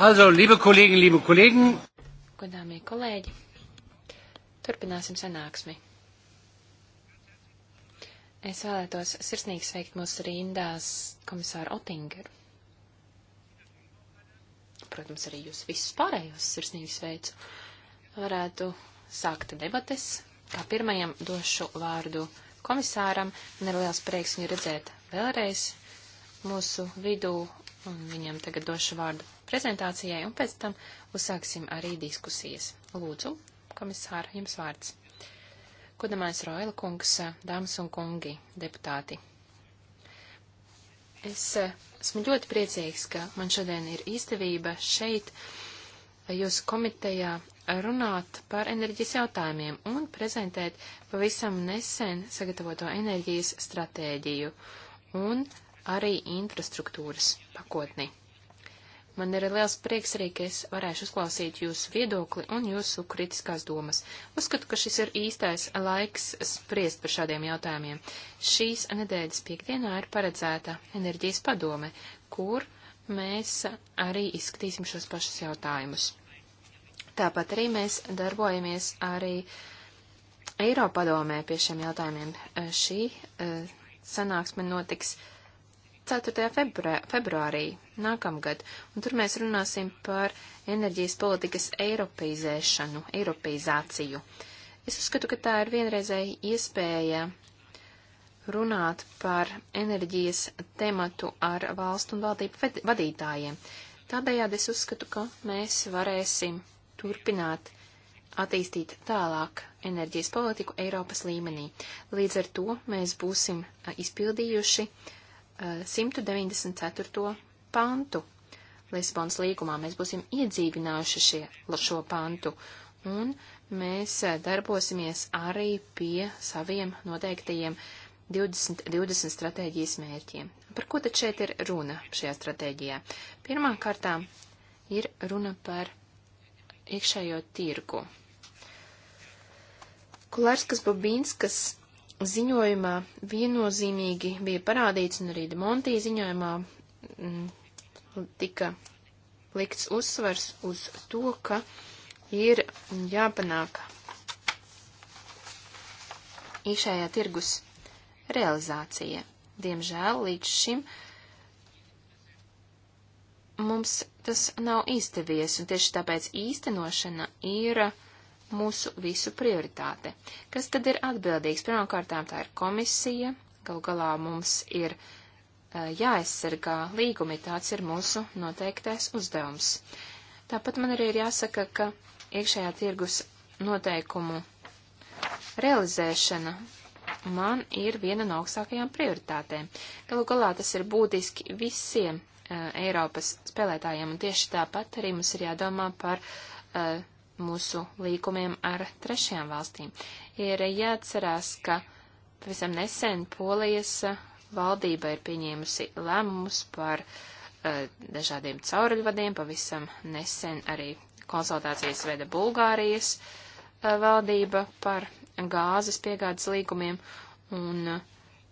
Also, liebe Kollegen, liebe Kollegen. Godāmie kolēģi, turpināsim sanāksmi. Es vēlētos sirsnīgi sveikt mūsu rindās komisāru Otingeru. Protams, arī jūs visus pārējos sirsnīgi sveicu. Varētu sākt debates. Kā pirmajam došu vārdu komisāram. Man ir liels prieks viņu redzēt vēlreiz mūsu vidū un viņam tagad došu vārdu prezentācijai, un pēc tam uzsāksim arī diskusijas. Lūdzu, komisāra, jums vārds. Kodamais Roila kungs, dāmas un kungi, deputāti. Es eh, esmu ļoti priecīgs, ka man šodien ir izdevība šeit eh, jūsu komitejā runāt par enerģijas jautājumiem un prezentēt pavisam nesen sagatavoto enerģijas stratēģiju un uh, arī infrastruktūras pakotni. Man ir liels prieks arī, ka es varēšu uzklausīt jūsu viedokli un jūsu kritiskās domas. Uzskatu, ka šis ir īstais laiks spriest par šādiem jautājumiem. Šīs nedēļas piekdienā ir paredzēta enerģijas padome, kur mēs arī izskatīsim šos pašus jautājumus. Tāpat arī mēs darbojamies arī Eiropadomē pie šiem jautājumiem. Šī uh, sanāksme notiks uh, 4. Februā, februārī nākamgad, un tur mēs runāsim par enerģijas politikas eiropeizēšanu, eiropeizāciju. Es uzskatu, ka tā ir vienreizēja iespēja runāt par enerģijas tematu ar valstu un valdību vadītājiem. Tādējādi es uzskatu, ka mēs varēsim turpināt attīstīt tālāk enerģijas politiku Eiropas līmenī. Līdz ar to mēs būsim izpildījuši uh, 194. pantu. Lisbonas līgumā mēs būsim iedzīvinājuši šie, šo pantu, un mēs eh, darbosimies arī pie saviem noteiktajiem 20, 20 stratēģijas mērķiem. Par ko tad šeit ir runa šajā stratēģijā? Pirmā kārtā ir runa par iekšējo tirgu. Kulārskas Bobīnskas ziņojumā viennozīmīgi bija parādīts, un arī Demontī ziņojumā m, mm, tika likts uzsvars uz to, ka ir jāpanāk iekšējā tirgus realizācija. Diemžēl līdz šim mums tas nav izdevies, un tieši tāpēc īstenošana ir uh, mūsu visu prioritāte. Kas tad ir atbildīgs? Pirmkārtām tā ir komisija, galu galā mums ir uh, jāaizsargā līgumi, tāds ir mūsu noteiktais uzdevums. Tāpat man arī ir jāsaka, ka iekšējā tirgus noteikumu realizēšana man ir viena no augstākajām prioritātēm. Galu galā tas ir būtiski visiem uh, Eiropas spēlētājiem, un tieši tāpat arī mums ir jādomā par uh, mūsu līgumiem ar trešajām valstīm. Ir jāatcerās, ka pavisam nesen Polijas valdība ir pieņēmusi lēmumus par uh, dažādiem cauruļvadiem, pavisam nesen arī konsultācijas veda Bulgārijas uh, valdība par gāzes piegādes līgumiem, un uh,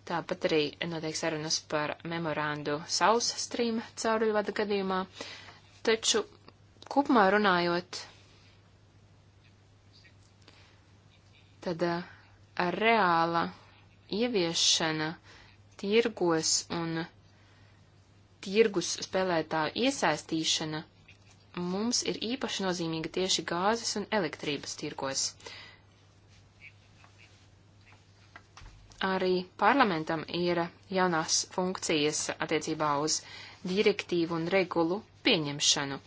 tāpat arī notiek sarunas par memorandu South Stream cauruļvada gadījumā, taču kopumā runājot, tad eh, reāla ieviešana tirgos un tirgus spēlētāju iesaistīšana mums ir īpaši nozīmīga tieši gāzes un elektrības tirgos. Arī parlamentam ir jaunās funkcijas attiecībā uz direktīvu un regulu pieņemšanu,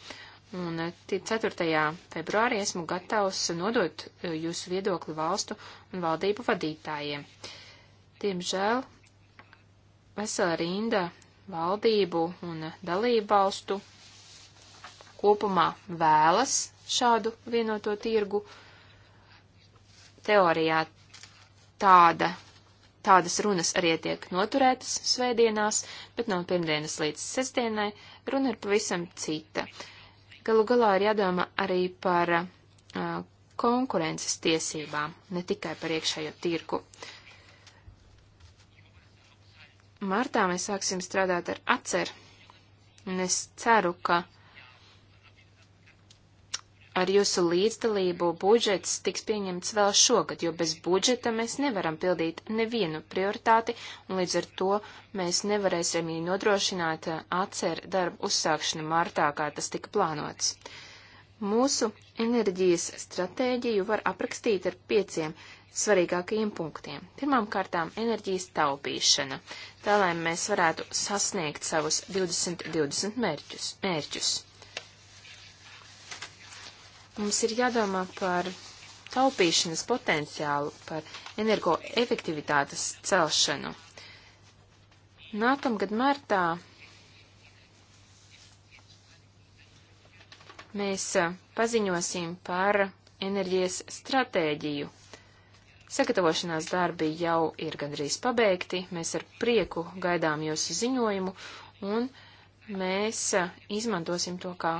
Un 4. Eh, februārī esmu gatavs nodot eh, jūsu viedokli valstu un valdību vadītājiem. Diemžēl vesela rinda valdību un dalību valstu kopumā vēlas šādu vienoto tirgu. Teorijā tāda, tādas runas arī tiek noturētas svētdienās, bet no pirmdienas līdz sestdienai runa ir pavisam cita. Uh, Galu galā ir jādomā arī par uh, konkurences tiesībām, ne tikai par iekšējo tirku. Martā mēs sāksim strādāt ar atceru, un es ceru, ka Ar jūsu līdzdalību budžets tiks pieņemts vēl šogad, jo bez budžeta mēs nevaram pildīt nevienu prioritāti, un līdz ar to mēs nevarēsim viņu nodrošināt eh, atcer darbu uzsākšanu martā, kā tas tika plānots. Mūsu enerģijas stratēģiju var aprakstīt ar pieciem svarīgākajiem punktiem. Pirmām kārtām enerģijas taupīšana, tā lai mēs varētu sasniegt savus 2020 mērķus. mērķus. Mums ir jādomā par taupīšanas potenciālu, par energoefektivitātes celšanu. Nākamgad martā mēs eh, paziņosim par enerģijas stratēģiju. Sagatavošanās darbi jau ir gandrīz pabeigti, mēs ar prieku gaidām jūsu ziņojumu un mēs eh, izmantosim to kā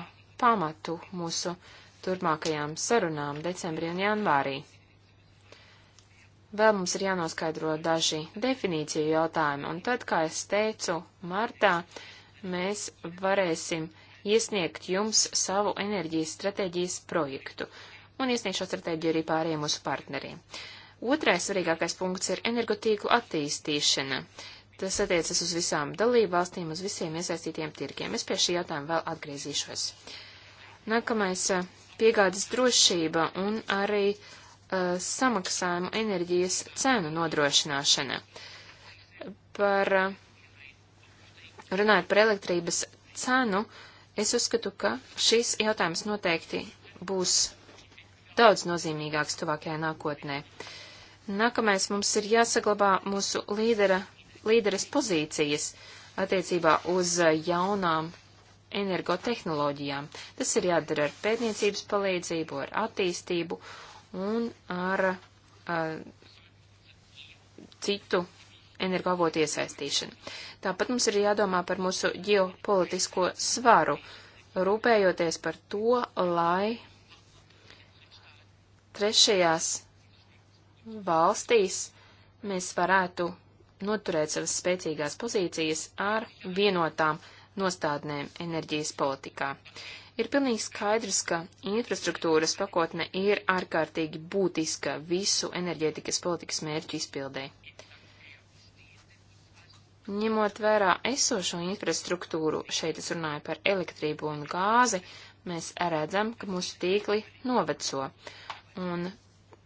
pamatu mūsu turpmākajām sarunām decembrī un janvārī. Vēl mums ir jānoskaidro daži definīciju jautājumi, un tad, kā es teicu, martā mēs varēsim iesniegt jums savu enerģijas stratēģijas projektu, un iesniegt šo stratēģiju arī pārējiem mūsu partneriem. Otrais svarīgākais punkts ir energotīklu attīstīšana. Tas attiecas uz visām dalību valstīm, uz visiem iesaistītiem tirgiem. Es pie šī jautājuma vēl atgriezīšos. Nākamais piegādes drošība un arī uh, samaksājuma enerģijas cenu nodrošināšana. Par, uh, runājot par elektrības cenu, es uzskatu, ka šis jautājums noteikti būs daudz nozīmīgāks tuvākajā nākotnē. Nākamais mums ir jāsaglabā mūsu līdera, līderes pozīcijas attiecībā uz jaunām energotehnoloģijām. Tas ir jādara ar pētniecības palīdzību, ar attīstību un ar uh, citu energoavotu iesaistīšanu. Tāpat mums ir jādomā par mūsu ģeopolitisko svaru, rūpējoties par to, lai trešajās valstīs mēs varētu noturēt savas spēcīgās pozīcijas ar vienotām nostādnēm enerģijas politikā. Ir pilnīgi skaidrs, ka infrastruktūras pakotne ir ārkārtīgi būtiska visu enerģētikas politikas mērķu izpildē. Ņemot vērā esošo infrastruktūru, šeit es runāju par elektrību un gāzi, mēs redzam, ka mūsu tīkli noveco, un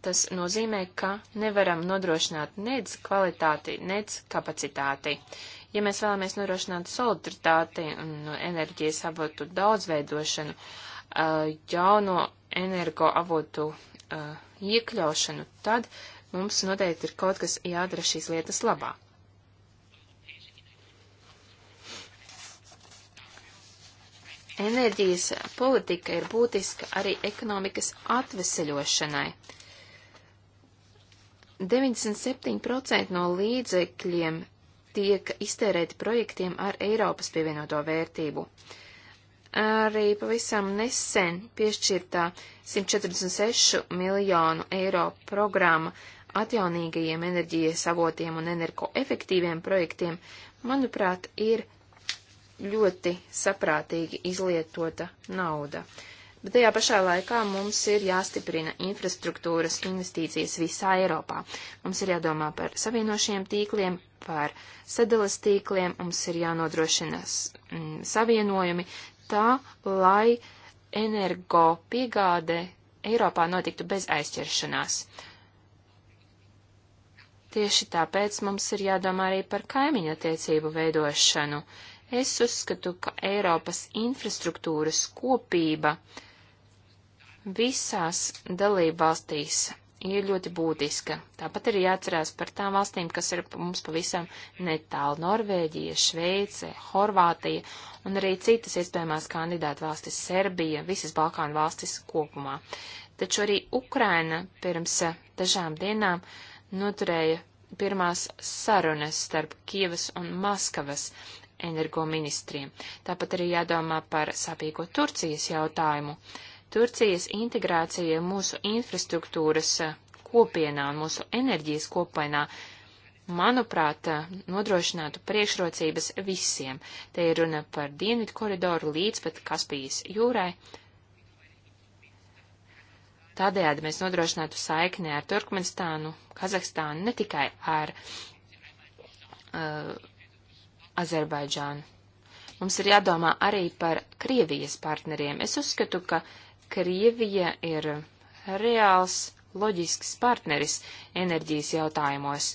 tas nozīmē, ka nevaram nodrošināt nec kvalitāti, nec kapacitāti. Uh, Ja mēs vēlamies norošināt solidaritāti un enerģijas avotu daudzveidošanu, eh, jauno energo avotu eh, iekļaušanu, tad mums noteikti ir kaut kas jādara šīs lietas labā. Enerģijas politika ir būtiska arī ekonomikas atveseļošanai. 97% no līdzekļiem tiek iztērēti projektiem ar Eiropas pievienoto vērtību. Arī pavisam nesen piešķirtā 146 miljonu eiro programma atjaunīgajiem enerģijas avotiem un energoefektīviem projektiem, manuprāt, ir ļoti saprātīgi izlietota nauda. Bet tajā pašā laikā mums ir jāstiprina infrastruktūras investīcijas visā Eiropā. Mums ir jādomā par savienošiem tīkliem, par sadalas tīkliem, mums ir jānodrošina mm, savienojumi tā, lai energo piegāde Eiropā notiktu bez aizķeršanās. Tieši tāpēc mums ir jādomā arī par kaimiņu attiecību veidošanu. Es uzskatu, ka Eiropas infrastruktūras kopība visās dalībvalstīs ir ļoti būtiska. Tāpat ir jāatcerās par tām valstīm, kas ir mums pavisam netālu - Norvēģija, Šveice, Horvātija un arī citas iespējamās kandidātu valstis - Serbija, visas Balkānu valstis kopumā. Taču arī Ukraina pirms dažām dienām noturēja pirmās sarunas starp Kievas un Maskavas energoministriem. Tāpat arī jādomā par sapīgo Turcijas jautājumu. Uh, Turcijas integrācija mūsu infrastruktūras eh, kopienā un mūsu enerģijas kopienā, manuprāt, eh, nodrošinātu priekšrocības visiem. Te ir runa par dienvidu koridoru līdz pat Kaspijas jūrai. Tādējādi mēs nodrošinātu saikni ar Turkmenistānu, Kazahstānu, ne tikai ar uh, Azerbaidžānu. Mums ir jādomā arī par Krievijas partneriem. Es uzskatu, ka uh, Krievija ir reāls, loģisks partneris enerģijas jautājumos.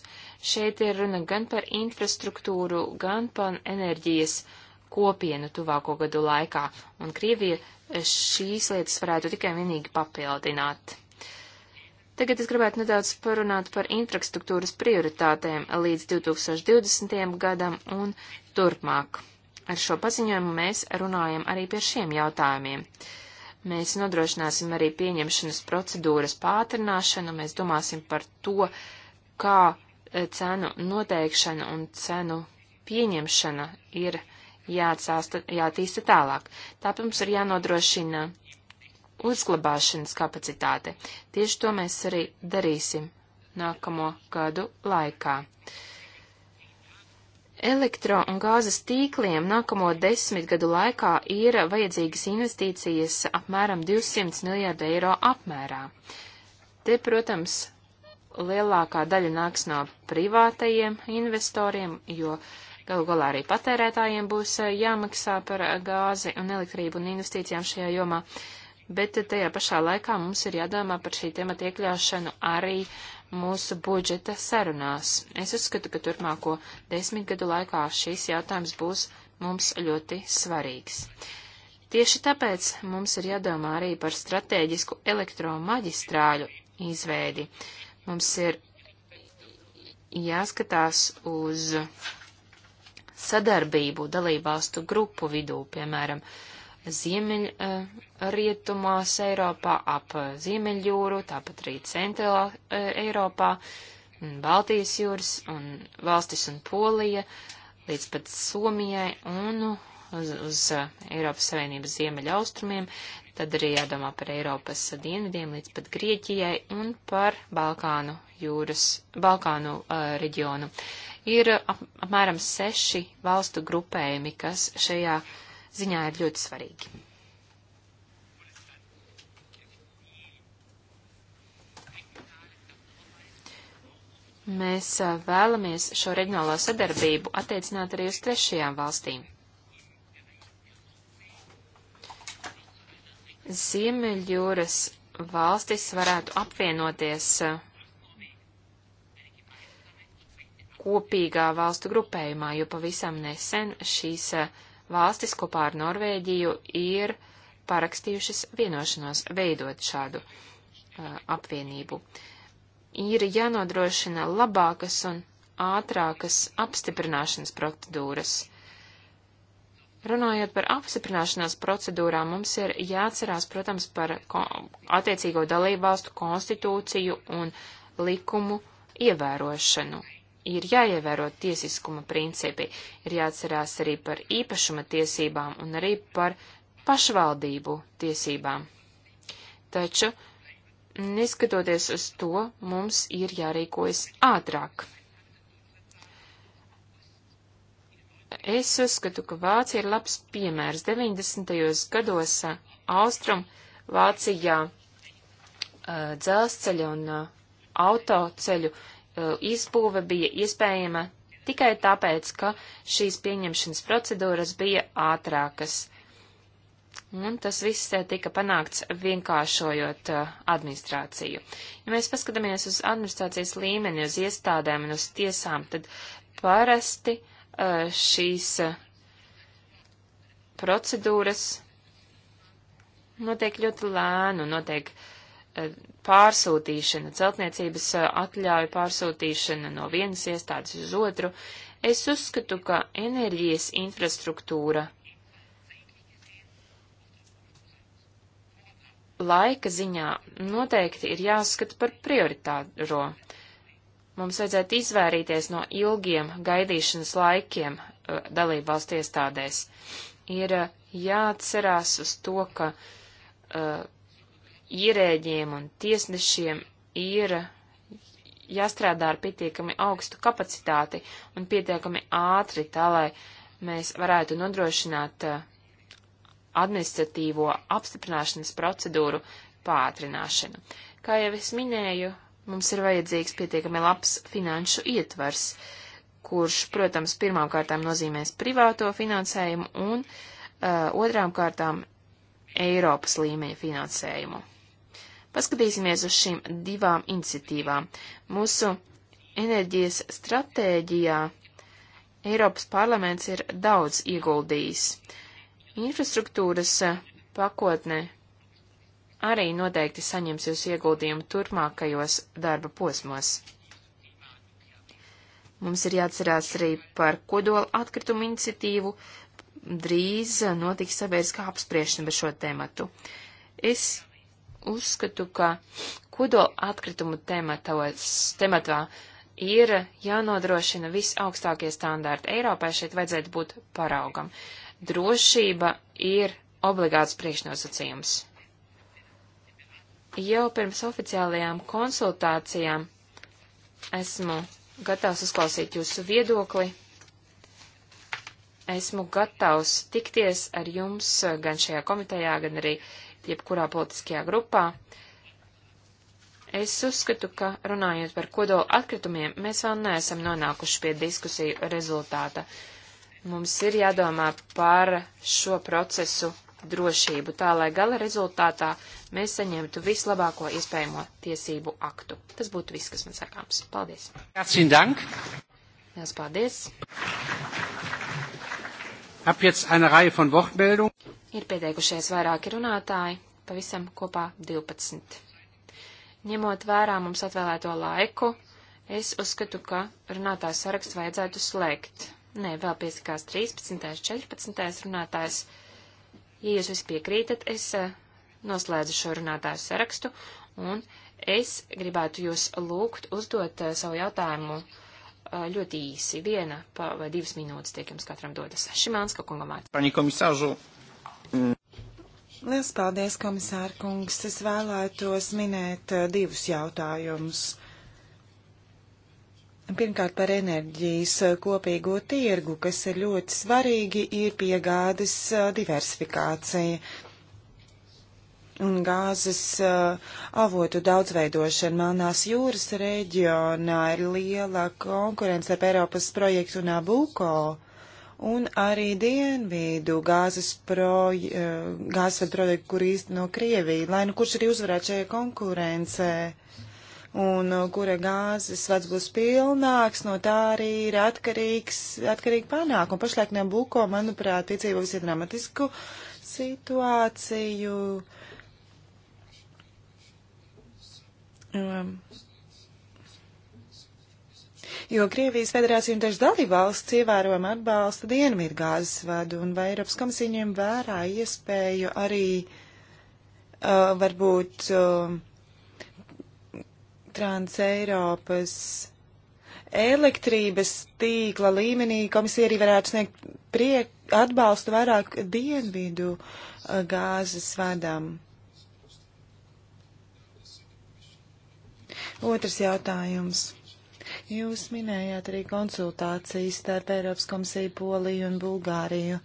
Šeit ir runa gan par infrastruktūru, gan par enerģijas kopienu tuvāko gadu laikā, un Krievija šīs lietas varētu tikai vienīgi papildināt. Tagad es gribētu nedaudz parunāt par infrastruktūras prioritātēm līdz 2020. gadam un turpmāk. Ar šo paziņojumu mēs runājam arī par šiem jautājumiem. Uh, Mēs nodrošināsim arī pieņemšanas procedūras pātrināšanu, mēs domāsim par to, kā e, cenu noteikšana un cenu pieņemšana ir jāatsāsta, jātīsta tālāk. Tāpēc mums ir jānodrošina uzglabāšanas kapacitāte. Tieši to mēs arī darīsim nākamo gadu laikā. Uh, Elektro un gāzes tīkliem nākamo desmitgadu laikā ir vajadzīgas investīcijas apmēram 200 miljārdu eiro apmērā. Te, protams, lielākā daļa nāks no privātajiem investoriem, jo galu galā arī patērētājiem būs eh, jāmaksā par eh, gāzi un elektrību un investīcijām šajā jomā. Bet eh, tajā pašā laikā mums ir jādomā par šī temata iekļaušanu arī mūsu budžeta sarunās. Es uzskatu, ka turpmāko desmitgadu laikā šīs jautājums būs mums ļoti svarīgs. Tieši tāpēc mums ir jādomā arī par strateģisku elektromaģistrāļu izveidi. Mums ir jāskatās uz sadarbību dalībvalstu grupu vidū, piemēram, uh, ziemeļ uh, eh, rietumās Eiropā, ap Ziemeļjūru, tāpat arī Centrālā uh, Eiropā, Baltijas jūras un valstis un Polija, līdz pat Somijai un uz, uz eh, Eiropas Savienības ziemeļa austrumiem, tad arī jādomā par Eiropas dienvidiem līdz pat Grieķijai un par Balkānu jūras, Balkānu uh, reģionu. Ir ap, apmēram seši valstu grupējumi, kas šajā uh, ziņā ir ļoti svarīgi. Mēs vēlamies šo reģionālo sadarbību attiecināt arī uz trešajām valstīm. Ziemeļjūras valstis varētu apvienoties kopīgā valstu grupējumā, jo pavisam nesen šīs valstis kopā ar Norvēģiju ir parakstījušas vienošanos veidot šādu uh, apvienību. Ir jānodrošina labākas un ātrākas apstiprināšanas procedūras. Runājot par apstiprināšanās procedūrām, mums ir jāatcerās, protams, par attiecīgo dalībvalstu konstitūciju un likumu ievērošanu ir jāievēro tiesiskuma principi, ir jāatcerās arī par īpašuma tiesībām un arī par pašvaldību tiesībām. Taču, neskatoties uz to, mums ir jārīkojas ātrāk. Es uzskatu, ka Vācija ir labs piemērs. 90. gados uh, Austrum Vācijā uh, dzelzceļa un uh, autoceļu uh, Uh, izbūve bija iespējama tikai tāpēc, ka šīs pieņemšanas procedūras bija ātrākas. Un tas viss eh, tika panākts vienkāršojot uh, administrāciju. Ja mēs paskatāmies uz administrācijas līmeni, uz iestādēm un uz tiesām, tad parasti uh, šīs procedūras notiek ļoti lēnu, notiek pārsūtīšana, celtniecības eh, atļauju pārsūtīšana no vienas iestādes uz otru, es uzskatu, ka enerģijas infrastruktūra laika ziņā noteikti ir jāskata par prioritāro. Mums vajadzētu izvairīties no ilgiem gaidīšanas laikiem eh, dalību valstu iestādēs. Ir eh, jāatcerās uz to, ka uh, ierēģiem un tiesnešiem ir jāstrādā ar pietiekami augstu kapacitāti un pietiekami ātri, tā lai mēs varētu nodrošināt eh, administratīvo apstiprināšanas procedūru pātrināšanu. Kā jau es minēju, mums ir vajadzīgs pietiekami labs finanšu ietvars, kurš, protams, pirmām kārtām nozīmēs privāto finansējumu un uh, otrām kārtām Eiropas līmeņa finansējumu. Paskatīsimies uz šīm divām iniciatīvām. Mūsu enerģijas stratēģijā Eiropas parlaments ir daudz ieguldījis. Infrastruktūras pakotne arī noteikti saņems jūs ieguldījumu turpmākajos darba posmos. Mums ir jāatcerās arī par kodola atkritumu iniciatīvu. Drīz notiks sabiedriskā apspriešana par šo tēmatu. Es uzskatu, ka kodo atkritumu tematos, tematā ir jānodrošina visaugstākie standārti. Eiropai šeit vajadzētu būt paraugam. Drošība ir obligāts priekšnosacījums. Jau pirms oficiālajām konsultācijām esmu gatavs uzklausīt jūsu viedokli. Esmu gatavs tikties ar jums gan šajā komitejā, gan arī jebkurā politiskajā grupā. Es uzskatu, ka runājot par kodola atkritumiem, mēs vēl neesam nonākuši pie diskusiju rezultāta. Mums ir jādomā par šo procesu drošību, tā lai gala rezultātā mēs saņemtu vislabāko iespējamo tiesību aktu. Tas būtu viss, kas man sakāms. Paldies! Herzlichen Dank! Jās paldies! Hab jetzt eine Reihe von Wortmeldungen. Ir pieteikušies vairāki runātāji, pavisam kopā 12. Ņemot vērā mums atvēlēto laiku, es uzskatu, ka runātājs sarakstu vajadzētu slēgt. Nē, vēl piesakās 13. 14. runātājs. Ja jūs visi piekrītat, es eh, noslēdzu šo runātāju sarakstu, un es gribētu jūs lūgt uzdot eh, savu jautājumu eh, ļoti īsi. Viena vai divas minūtes tiek jums katram dotas. Šimānska kungam vārds. Liels paldies, komisāra kungs. Es vēlētos minēt eh, divus jautājumus. Pirmkārt, par enerģijas eh, kopīgo tirgu, kas ir ļoti svarīgi, ir piegādes eh, diversifikācija un gāzes uh, avotu daudzveidošana Melnās jūras reģionā ir liela konkurence ar Eiropas projektu Nabuko. Un, un arī dienvīdu gāzes, proje, eh, gāzes projektu, kur īsti no Krievija, lai nu kurš arī uzvarētu šajā konkurencē. Un eh, kura gāzes vats būs pilnāks, no tā arī ir atkarīgs, atkarīgi panāk. Un pašlaik Nabuko, manuprāt, piedzīvo visai dramatisku situāciju. Um, jo Krievijas federācija un dažas dalībvalsts ievērojami atbalsta Dienvidu gāzes vadu, un vai Eiropas komisija ņem vērā iespēju arī uh, varbūt uh, Trans-Eiropas elektrības tīkla līmenī komisija arī varētu sniegt priek, atbalstu vairāk dienvidu uh, gāzes vadām. Otrs jautājums. Jūs minējāt arī konsultācijas starp Eiropas komisiju, Poliju un Bulgāriju.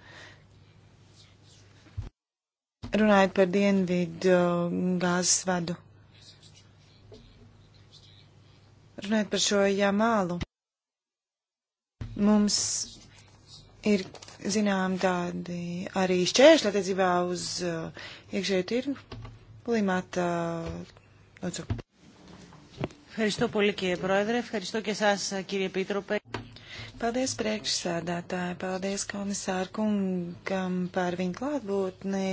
Runājot par dienvidu gāzes vadu. Runājot par šo jāmālu. Mums ir, zinām, tādi arī šķēršļi attiecībā uz uh, iekšēju tirgu. Limāt, lūdzu. Uh, Ευχαριστώ πολύ κύριε Πρόεδρε, ευχαριστώ και εσάς κύριε Επίτροπε. Paldies priekšsēdētāji, paldies komisāru kungam par viņu klātbūtni,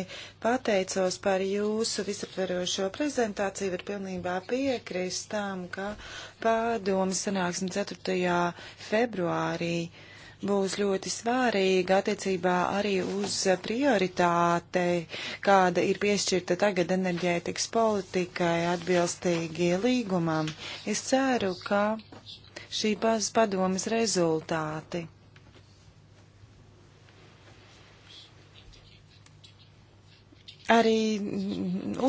pateicos par jūsu visaptverošo prezentāciju, var pilnībā piekrist tam, ka pārdomas sanāksim 4. februārī. Uh, būs ļoti svārīga attiecībā arī uz prioritāte, kāda ir piešķirta tagad enerģētikas politikai atbilstīgi līgumam. Es ceru, ka šī padomas rezultāti. Arī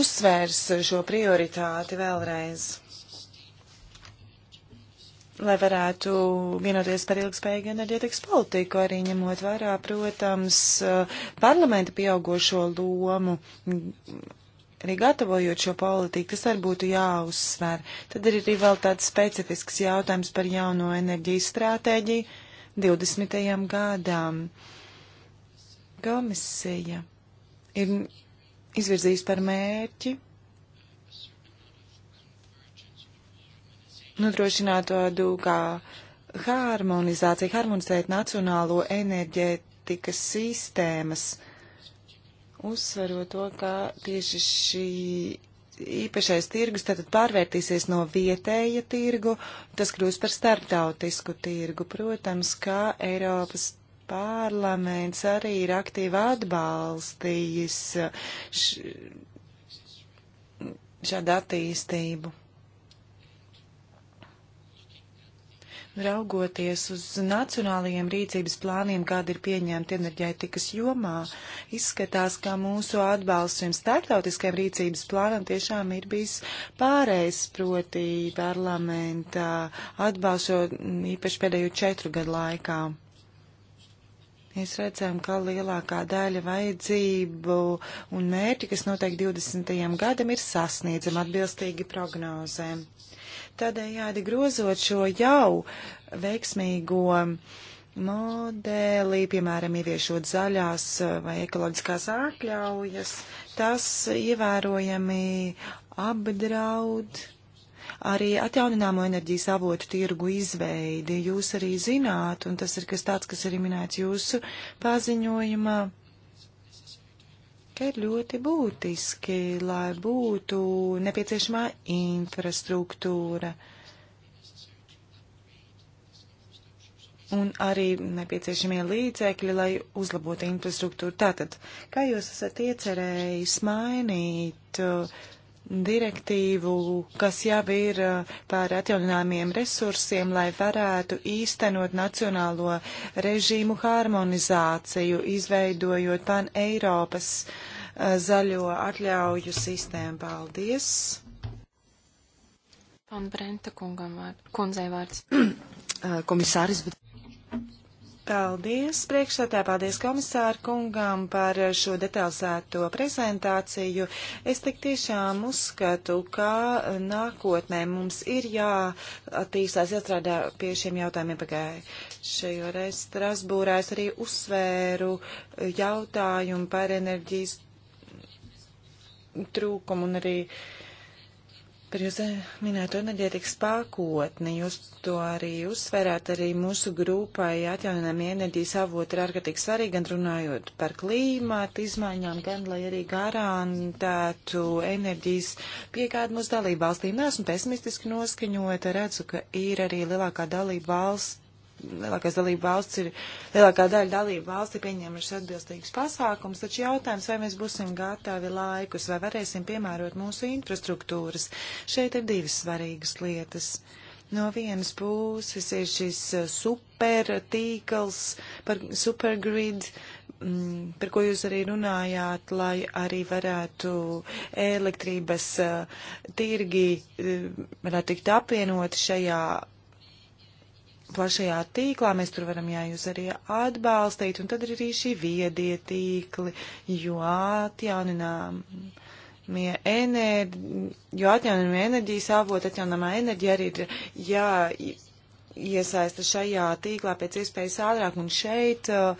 uzsvērs šo prioritāti vēlreiz lai varētu vienoties par ilgspējīgu enerģētikas politiku, arī ņemot vērā, protams, parlamenta pieaugošo lomu, arī gatavojot šo politiku, tas arī būtu jāuzsver. Tad ir arī vēl tāds specifisks jautājums par jauno enerģijas stratēģiju 20. gadām. Komisija ir izvirzījis par mērķi nodrošināt tādu kā harmonizāciju, harmonizēt nacionālo enerģētikas sistēmas, uzsverot to, ka tieši šī īpašais tirgus tātad pārvērtīsies no vietēja tirgu, tas kļūs par starptautisku tirgu. Protams, kā Eiropas parlaments arī ir aktīvi atbalstījis šādu attīstību. Raugoties uz nacionālajiem rīcības plāniem, kāda ir pieņemta enerģētikas jomā, izskatās, ka mūsu atbalsts šiem starptautiskajiem rīcības plānam tiešām ir bijis pārējais, proti parlamentā atbalstot īpaši pēdējo četru gadu laikā. Mēs redzam, ka lielākā daļa vajadzību un mērķi, kas noteikti 20. gadam, ir sasniedzama atbilstīgi prognozēm. Tādējādi grozot šo jau veiksmīgo modeli, piemēram, ieviešot zaļās eh, vai ekoloģiskās ārkļaujas, tas ievērojami apdraud arī atjaunināmo enerģijas avotu tirgu izveidi. Jūs arī zināt, un tas ir kas tāds, kas arī minēts jūsu paziņojumā ka ir ļoti būtiski, lai būtu nepieciešamā infrastruktūra un arī nepieciešamie līdzekļi, lai uzlabotu infrastruktūru. Tātad, kā jūs esat iecerējis mainīt uh, direktīvu, kas jau ir uh, par atjaunināmiem resursiem, lai varētu īstenot nacionālo režīmu harmonizāciju, izveidojot pan Eiropas uh, zaļo atļauju sistēmu. Paldies! Pan Brenta kungam vārds, kundzei vārds. Komisāris, bet Paldies, priekšsētā, paldies komisāru kungam par šo detalizēto prezentāciju. Es tik tiešām uzskatu, ka nākotnē mums ir jāattīstās, jāstrādā pie šiem jautājumiem pagājušajā reizē Strasbūrā. Es arī uzsvēru jautājumu par enerģijas trūkumu un arī uh, par jūsu minēto enerģētikas pakotni. Jūs to arī uzsverāt, arī mūsu grupai atjauninājumi enerģijas avoti ir ārkārtīgi svarīgi, gan runājot par klīmatu izmaiņām, gan lai arī garantētu enerģijas piegādi mūsu dalību valstīm. Nesmu pesimistiski noskaņota, redzu, ka ir arī lielākā dalība valsts lielākās dalība valsts ir, lielākā daļa dalība valsts ir pieņēmušas atbilstīgus pasākums, taču jautājums, vai mēs būsim gatavi laikus, vai varēsim piemērot mūsu infrastruktūras. Šeit ir divas svarīgas lietas. No vienas puses ir šis eh, super tīkls, par supergrid, mm, par ko jūs arī runājāt, lai arī varētu elektrības eh, tirgi eh, varētu tikt apvienoti šajā plašajā tīklā, mēs tur varam, jā, jūs arī atbalstīt, un tad ir arī šī viedie tīkli, jo atjauninām. Enerģi, jo atjaunojama enerģijas avota, atjaunojama enerģija arī ir jā, iesaista šajā tīklā pēc iespējas ātrāk, un šeit, uh,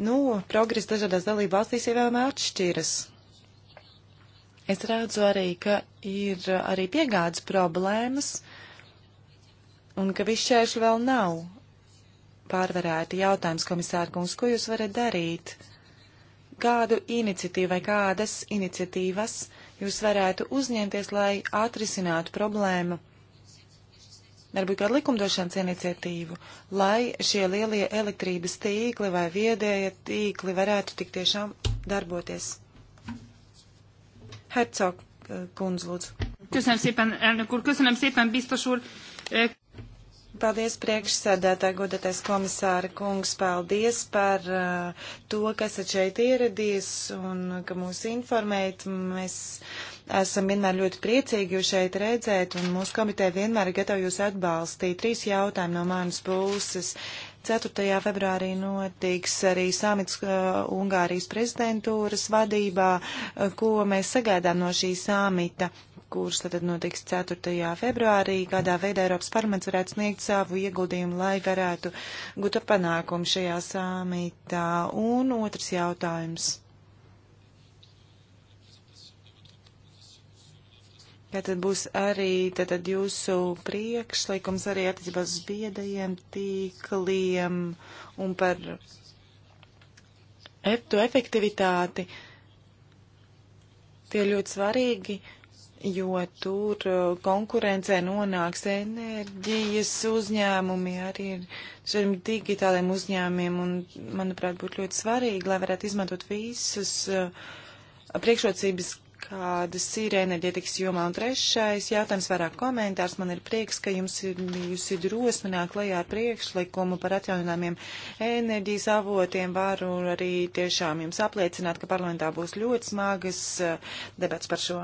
nu, progress dažādās dalību valstīs ievēlēmē atšķiras. Es redzu arī, ka ir arī piegādes problēmas un ka viss šķēršļi vēl nav pārvarēti. Jautājums, komisārkungs, ko jūs varat darīt? Kādu iniciatīvu vai kādas iniciatīvas jūs varētu uzņemties, lai atrisinātu problēmu? Varbūt kādu likumdošanas iniciatīvu, lai šie lielie elektrības tīkli vai viedēja tīkli varētu tik tiešām darboties. Herzog eh, kundz, lūdzu. Köszönöm szépen, elnök úr, köszönöm szépen, biztos úr. Eh, Paldies priekšsēdētāji, godatais komisāra kungs, paldies par uh, to, kas šeit ieradies un uh, ka mūs informēt. Mēs esam vienmēr ļoti priecīgi jūs šeit redzēt un mūsu komiteja vienmēr ir gatava jūs atbalstīt. Trīs jautājumi no manas puses. 4. februārī notiks arī samits uh, Ungārijas prezidentūras vadībā, uh, ko mēs sagaidām no šī samita kurš tad notiks 4. februārī, kādā veidā Eiropas parlaments varētu sniegt savu ieguldījumu, lai varētu gūt panākumu šajā samitā. Un otrs jautājums. Jā, tad būs arī tad, tad jūsu priekšlikums arī attiecībā uz biedajiem tīkliem un par to efektivitāti. Tie ļoti svarīgi jo tur uh, konkurencē nonāks enerģijas uzņēmumi, arī šiem digitāliem uzņēmumiem, un, manuprāt, būtu ļoti svarīgi, lai varētu izmantot visas uh, priekšrocības, kādas ir enerģetikas jomā. Un trešais jautājums vairāk komentārs. Man ir prieks, ka jums ir bijusi drosme nāk lejā ar priekšlikumu par atjaunināmiem enerģijas avotiem. Varu arī tiešām jums apliecināt, ka parlamentā būs ļoti smagas uh, debats par šo.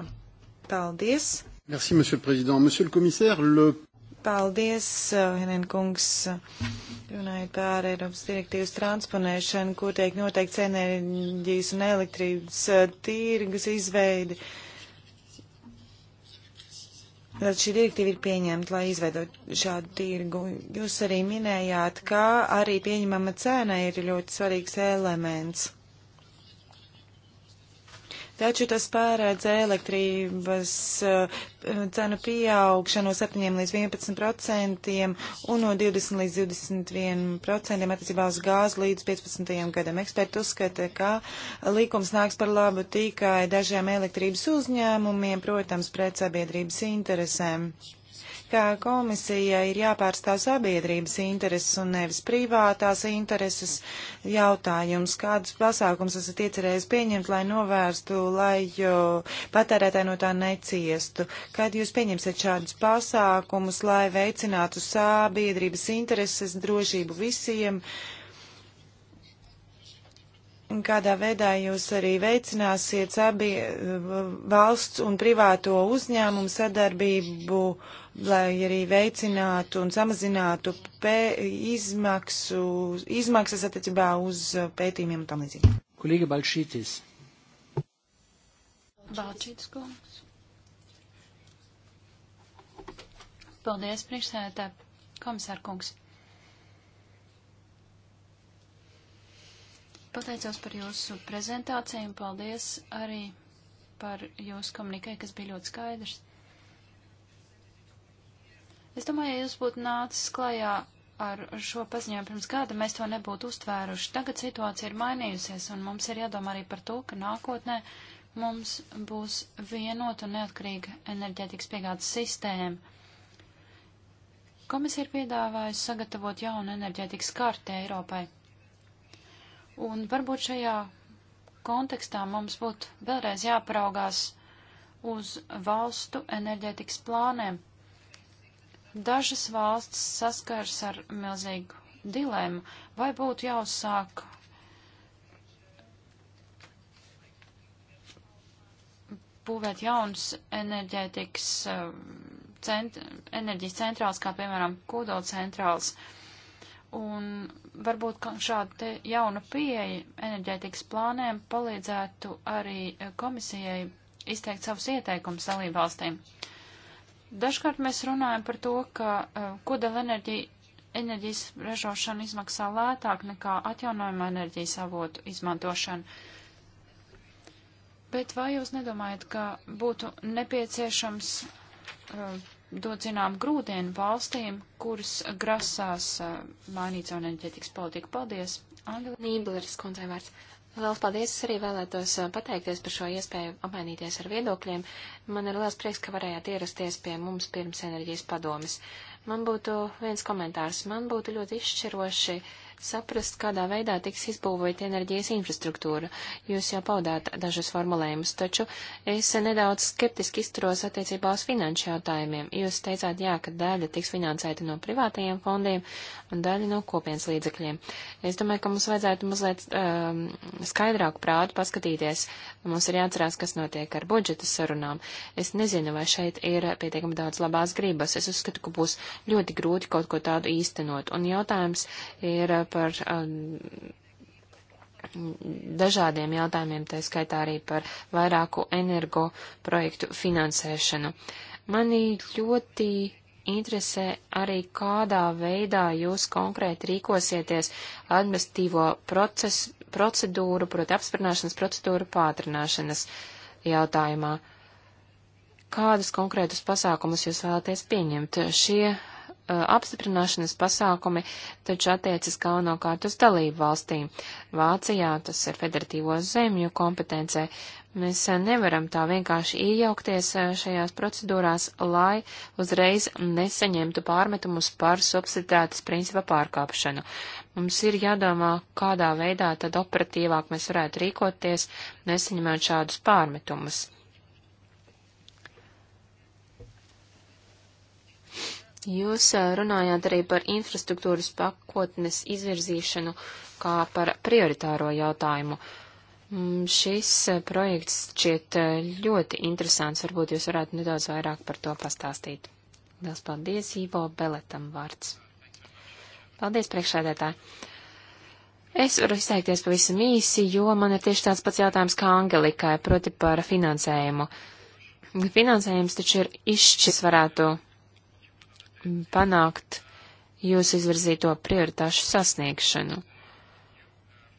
Paldies! Merci, monsieur le président. Monsieur le commissaire, le... Paldies, eh, Henenkungs. Runājot par Eiropas direktīvas transponēšanu, kur tiek noteikts enerģijas un elektrības eh, tirgus izveidi. Tad šī direktīva ir pieņemta, lai izveidot šādu tirgu. Jūs arī minējāt, ka arī pieņemama cena ir ļoti svarīgs elements. Taču tas pārēdz elektrības eh, cenu pieaugšanu no 7 līdz 11 procentiem un no 20 līdz 21 procentiem attiecībā uz gāzi līdz 15. gadam. Eksperti uzskata, ka likums nāks par labu tikai dažiem elektrības uzņēmumiem, protams, pret sabiedrības interesēm ka komisija ir jāpārstāv sabiedrības intereses un nevis privātās intereses. Jautājums, kādus pasākums esat iecerējis pieņemt, lai novērstu, lai patērētāji no tā neciestu? Kad jūs pieņemsiet šādus pasākumus, lai veicinātu sabiedrības intereses, drošību visiem? Uh, kādā veidā jūs arī veicināsiet abi eh, valsts un privāto uzņēmumu sadarbību, lai arī veicinātu un samazinātu izmaksu, izmaksas attiecībā uz eh, pētījumiem un tam līdzīgi. Kolīga Balčītis. Balčītis kungs. Paldies, priekšsēdētāji, komisār kungs. Pateicos par jūsu prezentāciju un paldies arī par jūsu komunikai, kas bija ļoti skaidrs. Es domāju, ja jūs būtu nācis klajā ar šo paziņojumu pirms gada, mēs to nebūtu uztvēruši. Tagad situācija ir mainījusies, un mums ir jādomā arī par to, ka nākotnē mums būs vienota un neatkarīga enerģētikas piegādes sistēma. Komisija ir piedāvājusi sagatavot jaunu enerģētikas karti Eiropai. Un varbūt šajā kontekstā mums būtu vēlreiz jāparaugās uz valstu enerģētikas plāniem. Dažas valsts saskars ar milzīgu dilēmu, vai būtu jāuzsāk būvēt jaunas enerģētikas eh, cent, enerģijas centrāls, kā piemēram kodola centrāls. Uh, Un varbūt šāda jauna pieeja enerģētikas plānēm palīdzētu arī eh, komisijai izteikt savus ieteikumus dalībvalstīm. Dažkārt mēs runājam par to, ka eh, kodela enerģija, enerģijas ražošana izmaksā lētāk nekā atjaunojama enerģijas avotu izmantošana. Bet vai jūs nedomājat, ka būtu nepieciešams uh, dod zinām grūdienu valstīm, kuras grasās uh, mainīt savu enerģētikas politiku. Paldies! Angela Nībleris, kundzei vārds. Liels paldies! Es arī vēlētos uh, pateikties par šo iespēju apmainīties ar viedokļiem. Man ir liels prieks, ka varējāt ierasties pie mums pirms enerģijas padomes. Man būtu viens komentārs. Man būtu ļoti izšķiroši uh, saprast, kādā veidā tiks izbūvēta enerģijas infrastruktūra. Jūs jau paudāt dažus formulējumus, taču es nedaudz skeptiski izturos attiecībā uz finanšu jautājumiem. Jūs teicāt, jā, ka daļa tiks finansēta no privātajiem fondiem un daļa no kopienas līdzekļiem. Es domāju, ka mums vajadzētu mazliet um, skaidrāku prātu paskatīties. Mums ir jāatcerās, kas notiek ar budžeta sarunām. Es nezinu, vai šeit ir pietiekami daudz labās gribas. Es uzskatu, ka būs ļoti grūti kaut ko tādu īstenot. Un jautājums ir par um, dažādiem jautājumiem, tā skaitā arī par vairāku energo projektu finansēšanu. Mani ļoti interesē arī, kādā veidā jūs konkrēti rīkosieties administratīvo procesu, procedūru, proti apsprināšanas procedūru pātrināšanas jautājumā. Kādus konkrētus pasākumus jūs vēlaties pieņemt? Šie Uh, apstiprināšanas pasākumi taču attiecas galvenokārt uz dalību valstīm. Vācijā tas ir federatīvo zemju kompetencē. Mēs uh, nevaram tā vienkārši iejaukties uh, šajās procedūrās, lai uzreiz nesaņemtu pārmetumus par subsidiātas principa pārkāpšanu. Mums ir jādomā, kādā veidā tad operatīvāk mēs varētu rīkoties, nesaņemot šādus pārmetumus. Jūs runājāt arī par infrastruktūras pakotnes izvirzīšanu kā par prioritāro jautājumu. Mm, šis projekts šķiet ļoti interesants, varbūt jūs varētu nedaudz vairāk par to pastāstīt. Liels paldies, Ivo Beletam vārds. Paldies, priekšsēdētāji. Es varu izteikties pavisam īsi, jo man ir tieši tāds pats jautājums kā Angelikai, proti par finansējumu. Finansējums taču ir izšķis varētu panākt jūsu izvirzīto prioritāšu sasniegšanu.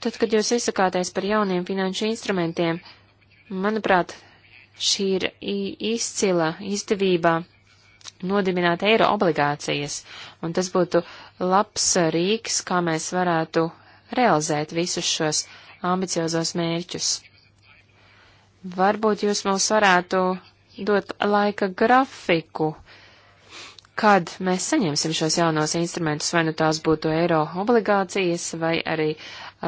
Tad, kad jūs izsakāties par jauniem finanšu instrumentiem, manuprāt, šī ir izcila izdevība nodibināt eiro obligācijas, un tas būtu labs rīks, kā mēs varētu realizēt visus šos ambiciozos mērķus. Varbūt jūs mums varētu dot laika grafiku kad mēs saņemsim šos jaunos instrumentus, vai nu tās būtu eiro obligācijas, vai arī uh,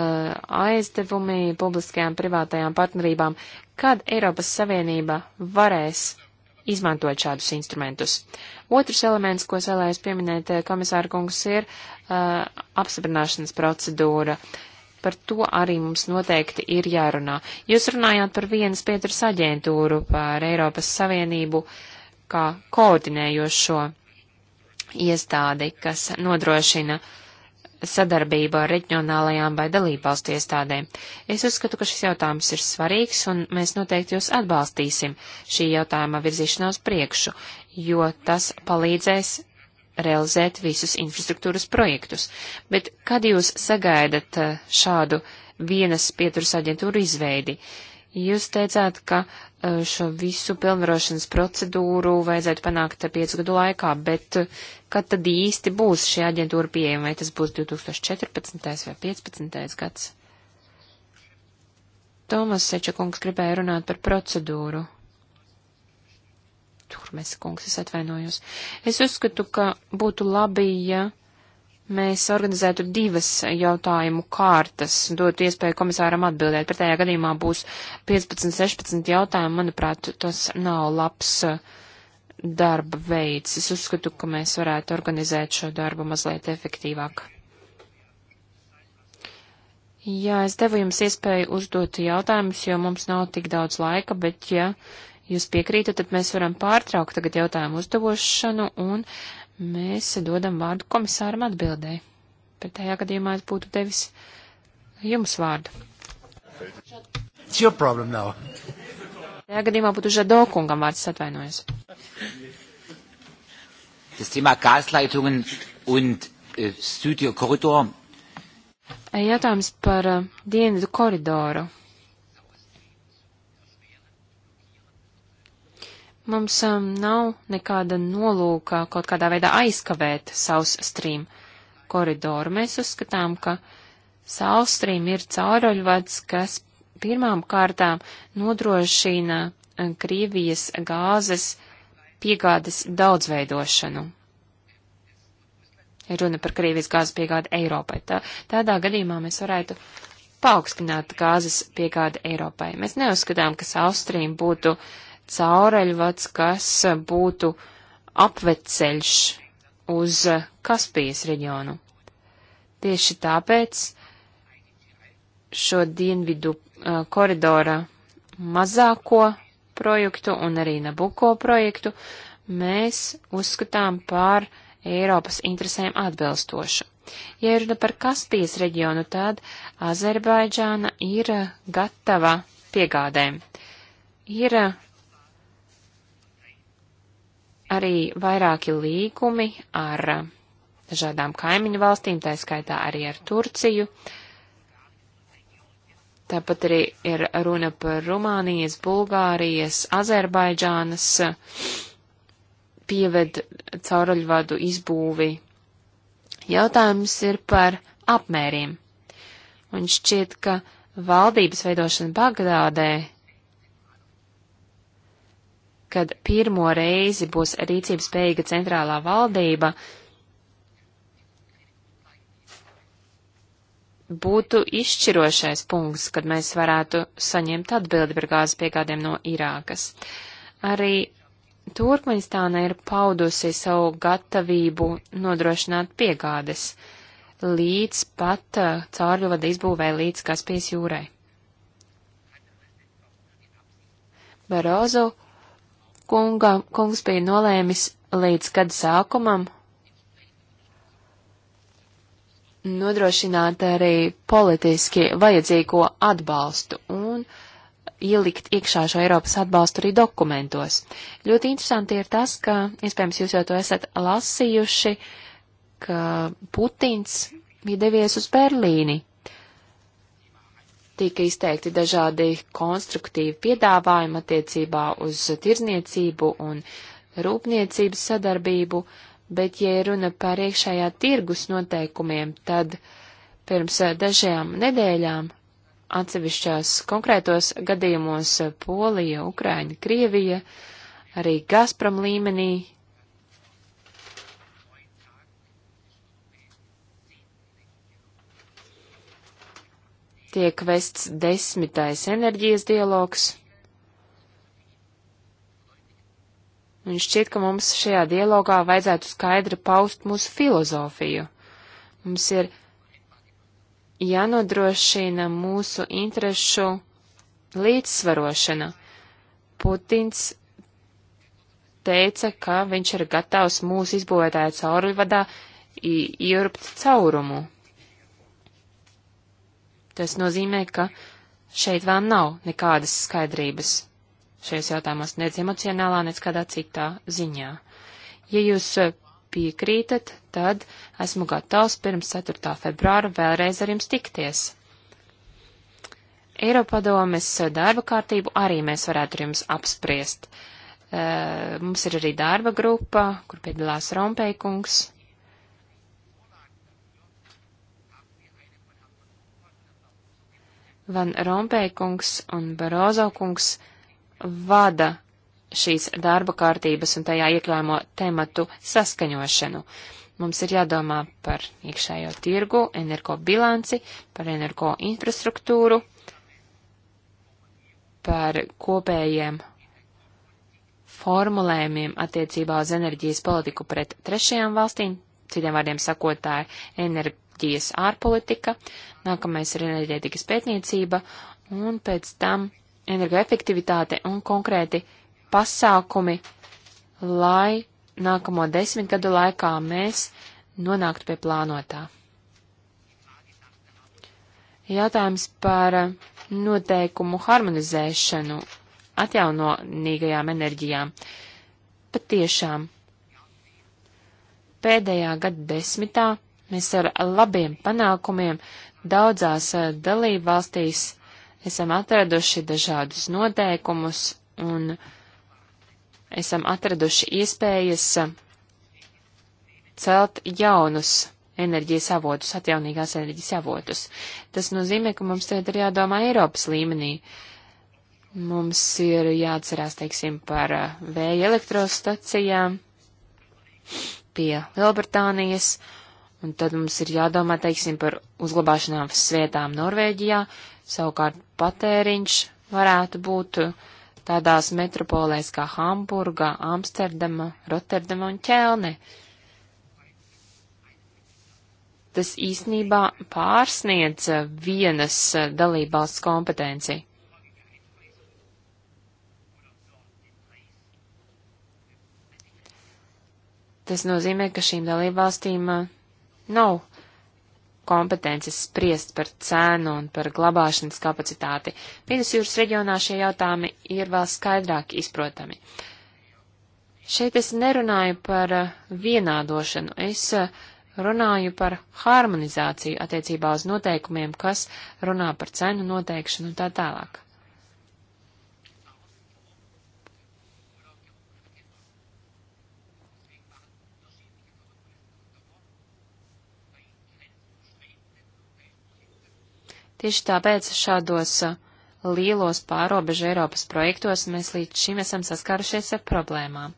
aizdevumi publiskajām privātajām partnerībām, kad Eiropas Savienība varēs izmantot šādus instrumentus. Otrs elements, ko es vēlējos pieminēt, eh, komisāra kungs, ir uh, apstiprināšanas procedūra. Par to arī mums noteikti ir jārunā. Jūs runājāt par vienas pieturas aģentūru, par Eiropas Savienību kā koordinējošo iestādi, kas nodrošina sadarbību ar reģionālajām vai dalībvalstu iestādēm. Es uzskatu, ka šis jautājums ir svarīgs, un mēs noteikti jūs atbalstīsim šī jautājuma virzīšanā uz priekšu, jo tas palīdzēs realizēt visus infrastruktūras projektus. Bet kad jūs sagaidat eh, šādu vienas pieturas aģentūru izveidi? Uh, Jūs teicāt, ka e, šo visu pilnvarošanas procedūru vajadzētu panākt piecu gadu laikā, bet e, kad tad īsti būs šī aģentūra pieejama, vai tas būs 2014. vai 2015. gads? Tomas Sečakungs gribēja runāt par procedūru. Tur mēs, kungs, es atvainojos. Es uzskatu, ka būtu labi, ja mēs organizētu divas jautājumu kārtas, dotu iespēju komisāram atbildēt. Pretējā gadījumā būs 15, 16 jautājumu. Manuprāt, tas nav labs uh, darba veids. Es uzskatu, ka mēs varētu organizēt šo darbu mazliet efektīvāk. Jā, es devu jums iespēju uzdot jautājumus, jo mums nav tik daudz laika, bet ja jūs piekrītat, tad mēs varam pārtraukt tagad jautājumu uzdošanu un uh, mēs dodam vārdu komisāram atbildē. Pretējā gadījumā es būtu devis jums vārdu. Tajā gadījumā būtu Žado kungam vārds atvainojas. Das Thema Gasleitungen und äh, Südkorridor. Jautājums par uh, dienvidu koridoru Mums um, nav nekāda nolūka kaut kādā veidā aizkavēt savus stream koridoru. Mēs uzskatām, ka South Stream ir cauroļvads, kas pirmām kārtām nodrošina uh, Krievijas gāzes piegādes daudzveidošanu. Ja runa par Krievijas gāzes piegādi Eiropai, tā, tādā gadījumā mēs varētu paaugstināt gāzes piegādi Eiropai. Mēs neuzskatām, ka South Stream būtu uh, caureļvads, kas būtu apveceļš uz Kaspijas reģionu. Tieši tāpēc šo dienvidu koridora mazāko projektu un arī Nabuko projektu mēs uzskatām par Eiropas interesēm atbilstošu. Ja runa par Kaspijas reģionu, tad Azerbaidžāna ir gatava piegādēm. Ir arī vairāki līgumi ar dažādām kaimiņu valstīm, tā skaitā arī ar Turciju. Tāpat arī ir runa par Rumānijas, Bulgārijas, Azerbaidžānas pieved cauruļvadu izbūvi. Jautājums ir par apmēriem. Un šķiet, ka valdības veidošana Bagdādē kad pirmo reizi būs rīcības spējīga centrālā valdība, būtu izšķirošais punkts, kad mēs varētu saņemt atbildi par gāzes piegādēm no Irākas. Arī Turkmenistāna ir paudusi savu gatavību nodrošināt piegādes līdz pat uh, caurļuvada izbūvē līdz Kaspijas jūrai. Barozo kunga, kungs bija nolēmis līdz gada sākumam nodrošināt arī politiski vajadzīgo atbalstu un ielikt iekšā šo Eiropas atbalstu arī dokumentos. Ļoti interesanti ir tas, ka, iespējams, jūs jau to esat lasījuši, ka Putins bija devies uz Berlīni tika izteikti dažādi konstruktīvi piedāvājumi attiecībā uz tirzniecību un rūpniecības sadarbību, bet, ja runa par iekšējā tirgus noteikumiem, tad pirms dažajām nedēļām atsevišķās konkrētos gadījumos Polija, Ukraina, Krievija, arī Gazprom līmenī Tiek vests desmitais enerģijas dialogs. Un šķiet, ka mums šajā dialogā vajadzētu skaidri paust mūsu filozofiju. Mums ir jānodrošina mūsu interešu līdzsvarošana. Putins teica, ka viņš ir gatavs mūsu izbūvētāju caurvadā iurbt caurumu. Tas nozīmē, ka šeit vēl nav nekādas skaidrības šajos jautājumos, nec emocionālā, nec kādā citā ziņā. Ja jūs e, piekrītat, tad esmu gatavs pirms 4. februāra vēlreiz ar jums tikties. Eiropadomes darba kārtību arī mēs varētu ar jums apspriest. E, mums ir arī darba grupa, kur piedalās Rompeikungs. Van Rompēkungs un Barozo kungs vada šīs darba kārtības un tajā iekļaujamo tematu saskaņošanu. Mums ir jādomā par iekšējo tirgu, energo bilanci, par energo infrastruktūru, par kopējiem formulējumiem attiecībā uz enerģijas politiku pret trešajām valstīm, citiem vārdiem sakot, tā ir energo Grieķijas ārpolitika, nākamais ir enerģētikas pētniecība, un pēc tam energoefektivitāte un konkrēti pasākumi, lai nākamo desmitgadu laikā mēs nonāktu pie plānotā. Jautājums par noteikumu harmonizēšanu atjaunonīgajām enerģijām. Pat tiešām pēdējā gada desmitā Mēs ar labiem panākumiem daudzās eh, dalību valstīs esam atraduši dažādus noteikumus un esam atraduši iespējas eh, celt jaunus enerģijas avotus, atjaunīgās enerģijas avotus. Tas nozīmē, ka mums tagad ir jādomā Eiropas līmenī. Mums ir jāatcerās, teiksim, par eh, vēja elektrostacijām pie Lielbritānijas, uh, Un tad mums ir jādomā, teiksim, par uzglabāšanām vietām Norvēģijā, savukārt patēriņš varētu būt tādās metropolēs kā Hamburga, Amsterdama, Rotterdama un Ķelne. Tas īsnībā pārsniedz vienas dalībvalsts kompetenci. Tas nozīmē, ka šīm dalībvalstīm nav kompetences spriest par cēnu un par glabāšanas kapacitāti. Vidusjūras reģionā šie jautājumi ir vēl skaidrāk izprotami. Šeit es nerunāju par eh, vienādošanu, es eh, runāju par harmonizāciju attiecībā uz noteikumiem, kas runā par cenu noteikšanu un tā tālāk. Tieši tāpēc šādos uh, lielos pārobežu Eiropas projektos mēs līdz šim esam saskārušies ar problēmām.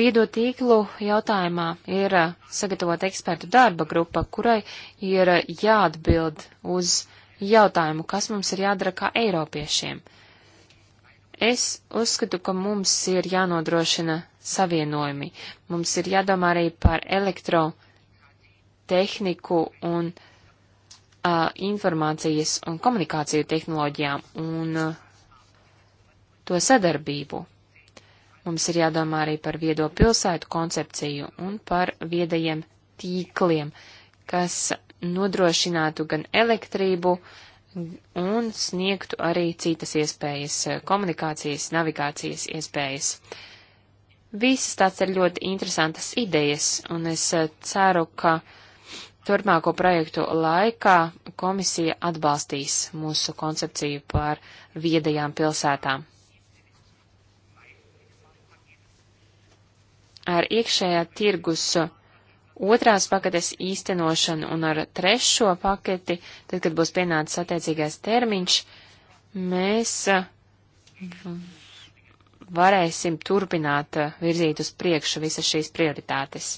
Viedo tīklu jautājumā ir uh, sagatavota ekspertu darba grupa, kurai ir uh, jāatbild uz jautājumu, kas mums ir jādara kā Eiropiešiem. Es uzskatu, ka mums ir jānodrošina savienojumi. Mums ir jādomā arī par elektrotehniku un elektrotehniku informācijas un komunikāciju tehnoloģijām un to sadarbību. Mums ir jādomā arī par viedo pilsētu koncepciju un par viedajiem tīkliem, kas nodrošinātu gan elektrību un sniegtu arī citas iespējas, komunikācijas, navigācijas iespējas. Visas tāds ir ļoti interesantas idejas, un es ceru, ka uh, turpmāko projektu laikā komisija atbalstīs mūsu koncepciju par viedajām pilsētām. Ar iekšējā tirgus otrās paketes īstenošanu un ar trešo paketi, tad, kad būs pienācis attiecīgais termiņš, mēs varēsim turpināt virzīt uz priekšu visas šīs prioritātes.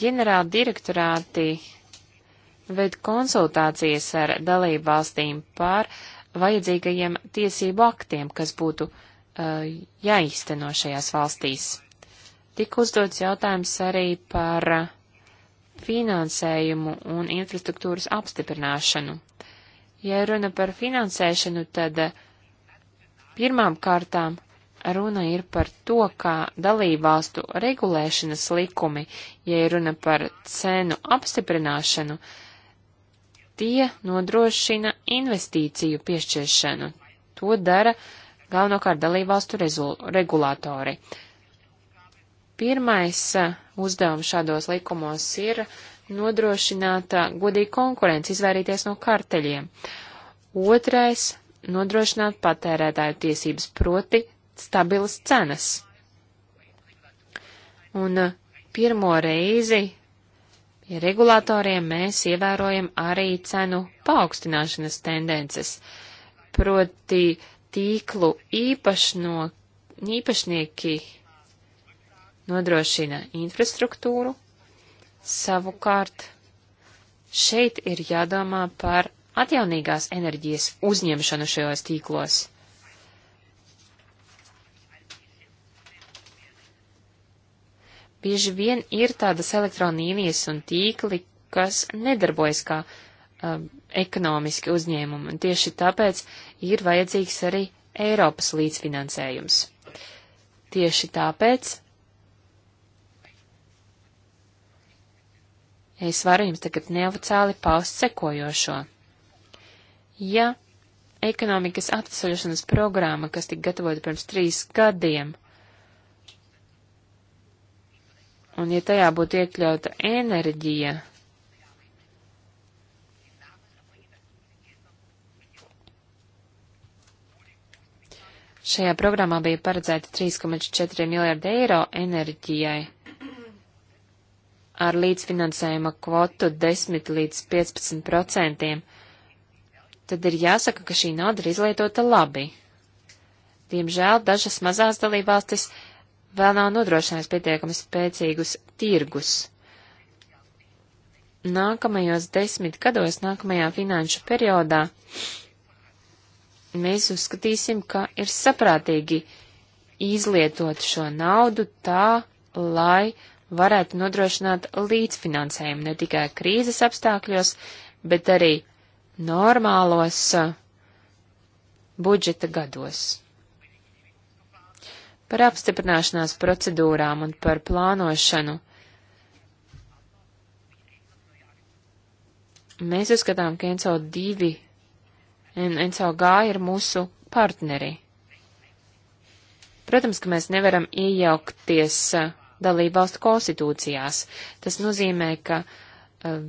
ģenerāla direktorāti veid konsultācijas ar dalību valstīm par vajadzīgajiem tiesību aktiem, kas būtu uh, jāizteno šajās valstīs. Tik uzdots jautājums arī par finansējumu un infrastruktūras apstiprināšanu. Ja runa par finansēšanu, tad uh, pirmām kārtām runa ir par to, ka dalībvalstu regulēšanas likumi, ja ir runa par cenu apstiprināšanu, tie nodrošina investīciju piešķiršanu. To dara galvenokārt dalībvalstu regulātori. Pirmais uh, uzdevums šādos likumos ir nodrošināt uh, godīgu konkurenci, izvairīties no karteļiem. Otrais - nodrošināt patērētāju tiesības, proti stabilas cenas. Un uh, pirmo reizi pie regulātoriem mēs ievērojam arī cenu paaugstināšanas tendences, proti tīklu īpašno, īpašnieki nodrošina infrastruktūru, savukārt šeit ir jādomā par atjaunīgās enerģijas uzņemšanu šajos tīklos. Bieži vien ir tādas elektronīnijas un tīkli, kas nedarbojas kā um, ekonomiski uzņēmumi, un tieši tāpēc ir vajadzīgs arī Eiropas līdzfinansējums. Tieši tāpēc es varu jums tagad neoficiāli paust sekojošo. Ja ekonomikas atvesaļošanas programma, kas tika gatavota pirms trīs gadiem, Un ja tajā būtu iekļauta enerģija, Šajā programmā bija paredzēta 3,4 miljārdi eiro enerģijai ar līdzfinansējuma kvotu 10 līdz 15 procentiem. Tad ir jāsaka, ka šī nauda ir izlietota labi. Diemžēl dažas mazās dalībvalstis vēl nav nodrošinājis pietiekami spēcīgus tirgus. Nākamajos desmit gados, nākamajā finanšu periodā, mēs uzskatīsim, ka ir saprātīgi izlietot šo naudu tā, lai varētu nodrošināt līdzfinansējumu ne tikai krīzes apstākļos, bet arī normālos uh, budžeta gados. Par apstiprināšanās procedūrām un par plānošanu. Mēs uzskatām, ka NCO 2 un NCOG ir mūsu partneri. Protams, ka mēs nevaram iejaukties dalību valstu konstitūcijās. Tas nozīmē, ka uh,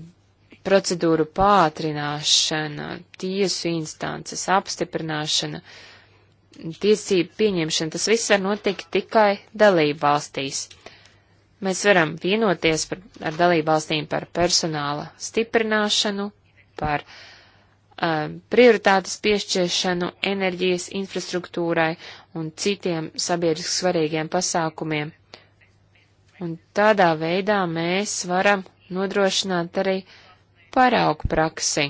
procedūru pātrināšana, tiesu instances apstiprināšana, uh, tiesību pieņemšana, tas viss var notikt tikai dalību valstīs. Mēs varam vienoties par, ar dalību valstīm par personāla stiprināšanu, par um, prioritātes piešķiešanu enerģijas infrastruktūrai un citiem sabiedriski svarīgiem pasākumiem. Un tādā veidā mēs varam nodrošināt arī paraugu praksi.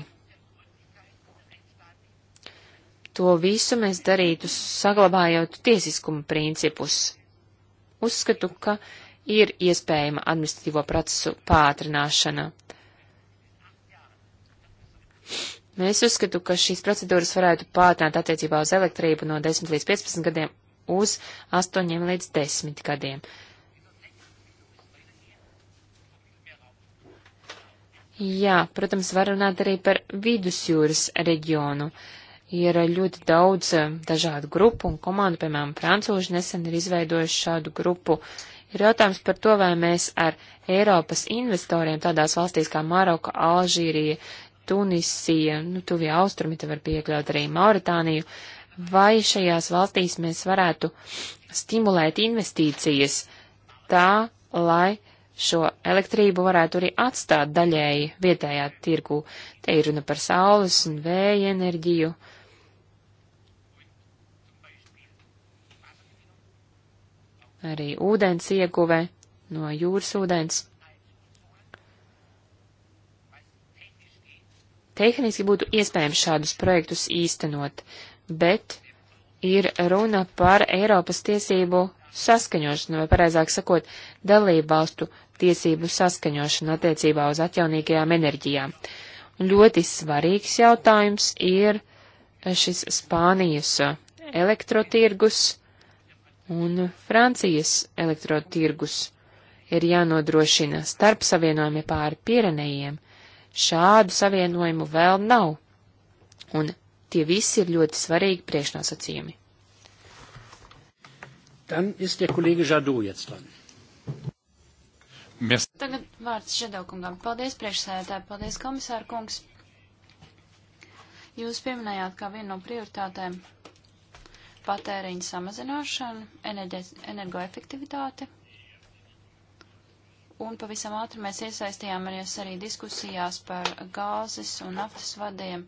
To visu mēs darītu saglabājot tiesiskuma principus. Uzskatu, ka ir iespējama administratīvo procesu pātrināšana. Mēs uzskatu, ka šīs procedūras varētu pātrināt attiecībā uz elektrību no 10 līdz 15 gadiem uz 8 līdz 10 gadiem. Jā, protams, var runāt arī par vidusjūras reģionu. Uh, ir ļoti daudz eh, dažādu grupu un komandu, piemēram, francūži nesen ir izveidojuši šādu grupu. Ir jautājums par to, vai mēs ar Eiropas investoriem tādās valstīs kā Maroka, Alžīrija, Tunisija, nu, tuvie austrumi, te var piekļaut arī Mauritāniju, vai šajās valstīs mēs varētu stimulēt investīcijas tā, lai šo elektrību varētu arī atstāt daļēji vietējā tirgu. Te ir runa par saules un vēja enerģiju. Uh, arī ūdens ieguve no jūras ūdens. Tehniski būtu iespējams šādus projektus īstenot, bet ir runa par Eiropas tiesību saskaņošanu, vai pareizāk sakot, dalību valstu tiesību saskaņošanu attiecībā uz atjaunīgajām enerģijām. Un ļoti svarīgs jautājums ir šis Spānijas elektrotirgus, un Francijas elektrotirgus ir jānodrošina starp savienojumi pāri Pirenejiem. Šādu savienojumu vēl nav, un tie visi ir ļoti svarīgi priekšnosacījumi. Dann ist der Kollege Jadot jetzt dran. Mēs... Tagad vārds Žadaukungam. Paldies, priekšsēdētāji, paldies, komisāra kungs. Jūs pieminējāt kā vienu no prioritātēm patēriņa samazināšanu, energoefektivitāti. Un pavisam ātri mēs iesaistījāmies arī diskusijās par gāzes un naftas vadiem,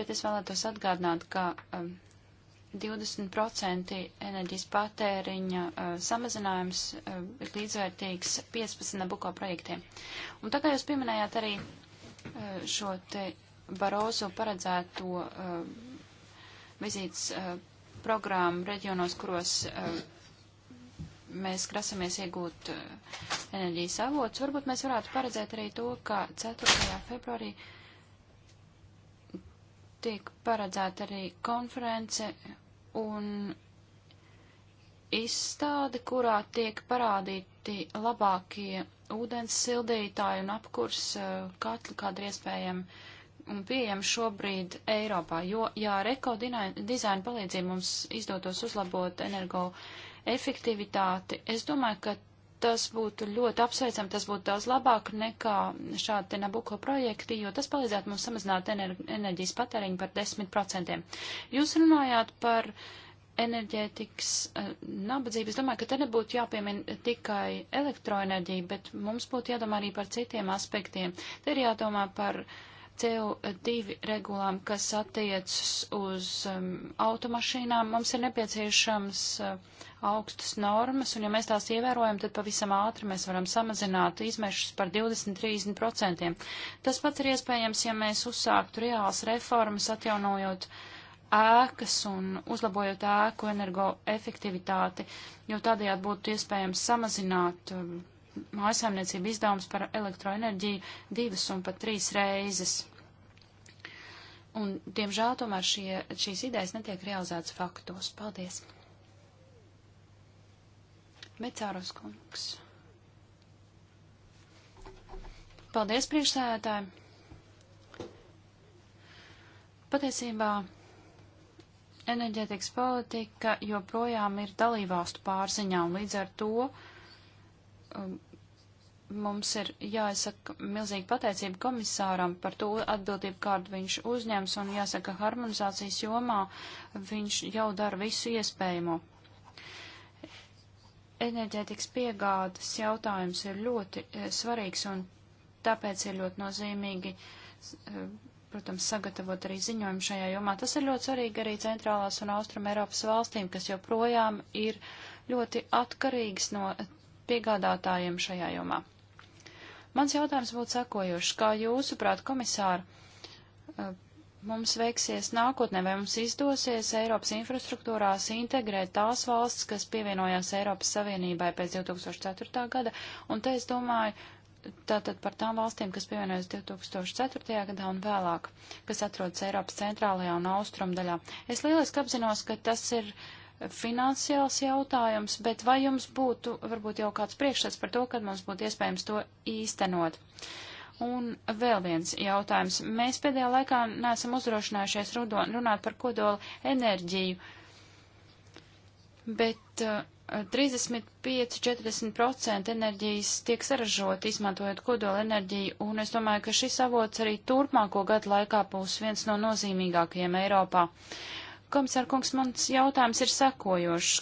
bet es vēlētos atgādināt, ka um, 20% enerģijas patēriņa uh, samazinājums uh, ir līdzvērtīgs 15 Nabuko projektiem. Un tā kā jūs pieminējāt arī uh, šo te Barozu paredzēto uh, vizītes uh, programmu reģionos, kuros uh, mēs grasamies iegūt uh, enerģijas avots, varbūt mēs varētu paredzēt arī to, ka 4. februārī tiek paredzēta arī konference un izstāde, kurā tiek parādīti labākie ūdens sildītāji un apkurs uh, katli, kāda ir iespējama un pieejama šobrīd Eiropā, jo, ja reko dizaina palīdzību mums izdotos uzlabot energo efektivitāti, es domāju, ka tas būtu ļoti apsveicami, tas būtu daudz labāk nekā šādi Nabuko projekti, jo tas palīdzētu mums samazināt energi, enerģijas patēriņu par 10%. Jūs runājāt par enerģētikas eh, nabadzību. Es domāju, ka te nebūtu jāpiemina tikai elektroenerģija, bet mums būtu jādomā arī par citiem aspektiem. Te ir jādomā par uh, CO2 regulām, kas attiecas uz um, automašīnām, mums ir nepieciešams uh, augstas normas, un ja mēs tās ievērojam, tad pavisam ātri mēs varam samazināt izmešus par 20-30%. Tas pats ir iespējams, ja mēs uzsāktu reāls reformas, atjaunojot ēkas un uzlabojot ēku energoefektivitāti, jo tādējādi būtu iespējams samazināt um, mājasaimniecību izdevums par elektroenerģiju divas un pat trīs reizes. Un, diemžēl, tomēr šie, šīs idejas netiek realizētas faktos. Paldies! Mecāros kungs. Paldies, priekšsēdētāji! Patiesībā enerģētikas politika joprojām ir dalībvalstu pārziņā, un līdz ar to um, mums ir jāizsaka milzīga pateicība komisāram par to atbildību, kādu viņš uzņems, un jāsaka, harmonizācijas jomā viņš jau dara visu iespējamo. Enerģētikas piegādes jautājums ir ļoti eh, svarīgs, un tāpēc ir ļoti nozīmīgi, eh, protams, sagatavot arī ziņojumu šajā jomā. Tas ir ļoti svarīgi arī centrālās un austrum Eiropas valstīm, kas joprojām ir ļoti atkarīgas no piegādātājiem šajā jomā. Mans jautājums būtu sekojošs. Kā jūsuprāt, komisāri, eh, mums veiksies nākotnē, vai mums izdosies Eiropas infrastruktūrās integrēt tās valsts, kas pievienojās Eiropas Savienībai pēc 2004. gada, un te es domāju, tātad par tām valstīm, kas pievienojas 2004. gadā un vēlāk, kas atrodas Eiropas centrālajā un austrum daļā. Es lieliski apzinos, ka tas ir finansiāls jautājums, bet vai jums būtu varbūt jau kāds priekšstats par to, kad mums būtu iespējams to īstenot? Un vēl viens jautājums. Mēs pēdējā laikā neesam uzdrošinājušies runāt par kodola enerģiju, bet uh, 35-40% enerģijas tiek saražot, izmantojot kodola enerģiju, un es domāju, ka šis avots arī turpmāko gadu laikā būs viens no nozīmīgākajiem Eiropā. Uh, Komisārkungs, mans jautājums ir sekojošs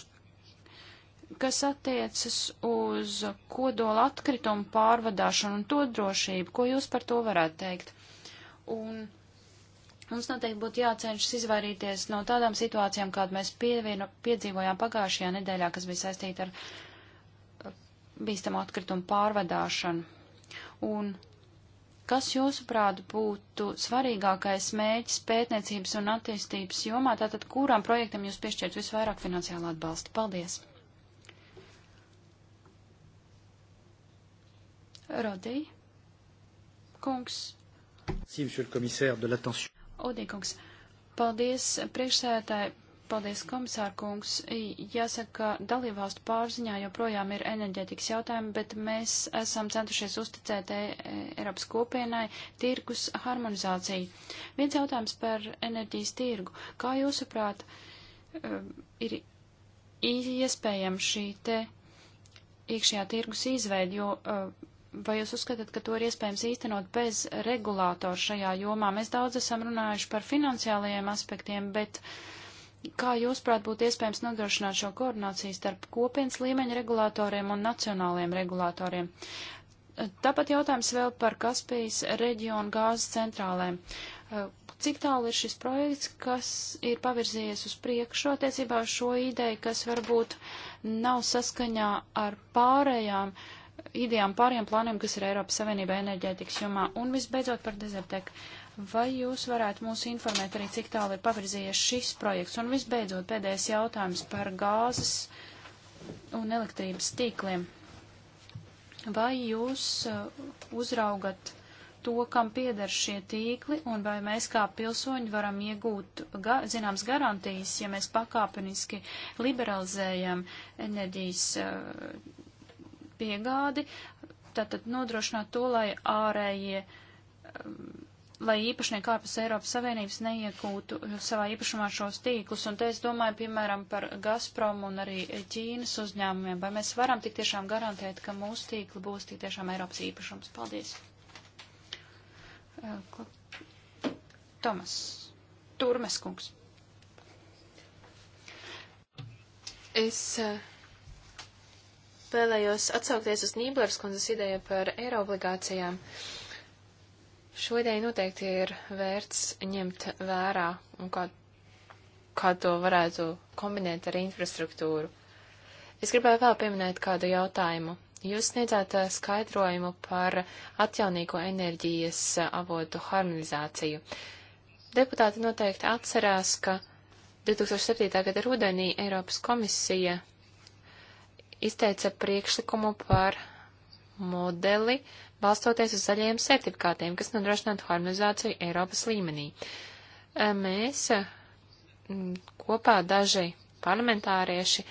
kas attiecas uz kodola atkritumu pārvadāšanu un to drošību, ko jūs par to varētu teikt? Un mums noteikti būtu jācenšas izvairīties no tādām situācijām, kādu mēs pievienu, piedzīvojām pagājušajā nedēļā, kas bija saistīta ar uh, bīstamu atkritumu pārvadāšanu. Un Kas jūsuprāt būtu svarīgākais mēģis pētniecības un attīstības jomā, tātad kurām projektam jūs piešķirt visvairāk finansiālu atbalstu? Paldies! Rodī, kungs. Odī, kungs. Paldies, priekšsēdētāji, Paldies, komisārkungs. Jāsaka, ka dalībvalstu pārziņā joprojām ir enerģētikas jautājumi, bet mēs esam centušies uzticēt e, e, Eiropas kopienai tirkus harmonizāciju. Viens jautājums par enerģijas tirgu. Kā jūsuprāt, e, ir iespējams šī te iekšējā tirgus izveidi, jo vai jūs uzskatāt, ka to ir iespējams īstenot bez regulātora šajā jomā? Mēs daudz esam runājuši par finansiālajiem aspektiem, bet. Uh, kā jūs prāt būtu iespējams nodrošināt šo koordināciju starp kopienas līmeņa regulātoriem un nacionāliem regulātoriem? Tāpat jautājums vēl par Kaspijas reģionu gāzes centrālēm. Cik tālu ir šis projekts, kas ir pavirzījies uz priekšu attiecībā uz šo ideju, kas varbūt nav saskaņā ar pārējām idejām, pārējām plāniem, kas ir Eiropas Savienība enerģētikas jomā? Un visbeidzot par dezerteku. Vai jūs varētu mūs informēt arī, cik tālu ir pavirzījies šis projekts? Un visbeidzot, pēdējais jautājums par gāzes un elektrības tīkliem. Vai jūs uh, uzraugat to, kam pieder šie tīkli, un vai mēs kā pilsoņi varam iegūt ga zināmas garantijas, ja mēs pakāpeniski liberalizējam enerģijas uh, piegādi, tātad nodrošināt to, lai ārējie um, lai īpašnieki ārpus Eiropas Savienības neiekūtu savā īpašumā šos tīklus. Un te es domāju, piemēram, par Gazprom un arī Ķīnas uzņēmumiem. Vai mēs varam tik tiešām garantēt, ka mūsu tīkli būs tik tiešām Eiropas īpašums? Paldies! Eh, Tomas. Turmes kungs. Es eh, vēlējos atsaukties uz Nīblers kundzes ideju par eiro obligācijām. Uh, Šo ideju noteikti ir vērts ņemt vērā un kā, kā to varētu kombinēt ar infrastruktūru. Es gribēju vēl pieminēt kādu jautājumu. Jūs sniedzāt eh, skaidrojumu par atjaunīgo enerģijas eh, avotu harmonizāciju. Deputāti noteikti atcerās, ka 2007. gada rudenī Eiropas komisija izteica priekšlikumu par modeli, uh, balstoties uz zaļajiem sertifikātiem, kas nodrošinātu harmonizāciju Eiropas līmenī. Eh, mēs eh, kopā daži parlamentārieši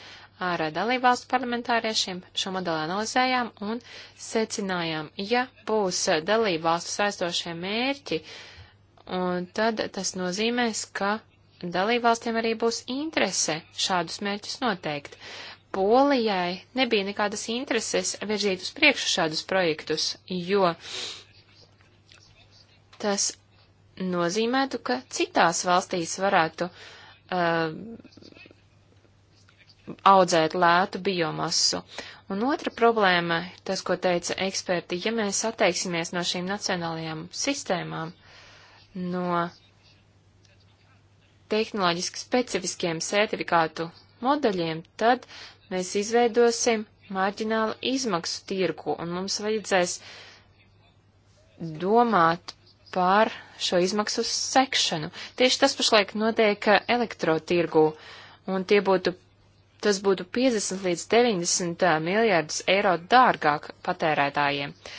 ar dalībvalstu parlamentāriešiem šo modeli analizējām un secinājām, ja būs dalībvalstu saistošie mērķi, un tad tas nozīmēs, ka dalībvalstiem arī būs interese šādus mērķus noteikt. Polijai nebija nekādas intereses virzīt uz priekšu šādus projektus, jo tas nozīmētu, ka citās valstīs varētu uh, audzēt lētu biomasu. Un otra problēma, tas, ko teica eksperti, ja mēs atteiksimies no šīm nacionālajām sistēmām, no tehnoloģiski specifiskiem sertifikātu modeļiem, tad Mēs izveidosim marģinālu izmaksu tirgu, un mums vajadzēs domāt par šo izmaksu sekšanu. Tieši tas pašlaik notiek elektrotirgu, un tie būtu, tas būtu 50 līdz 90 miljārdus eiro dārgāk patērētājiem. Uh,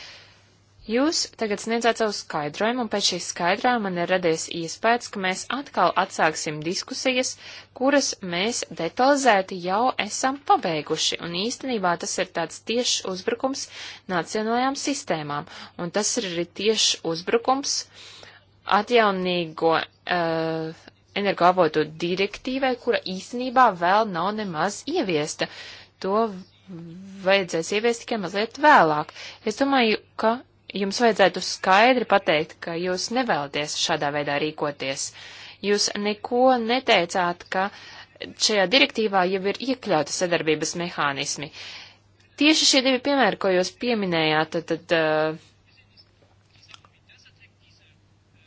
Jūs tagad sniedzāt savu skaidrojumu, un pēc šīs skaidrojuma man ir radies iespējas, ka mēs atkal atsāksim diskusijas, kuras mēs detalizēti jau esam pabeiguši, un īstenībā tas ir tāds tiešs uzbrukums nacionālajām sistēmām, un tas ir arī tiešs uzbrukums atjaunīgo uh, energoavotu direktīvai, kura īstenībā vēl nav nemaz ieviesta. To vajadzēs ieviest tikai mazliet vēlāk. Es domāju, ka jums vajadzētu skaidri pateikt, ka jūs nevēlaties šādā veidā rīkoties. Jūs neko neteicāt, ka šajā direktīvā jau ir iekļauti sadarbības mehānismi. Tieši šie divi piemēri, ko jūs pieminējāt, tad, tad uh,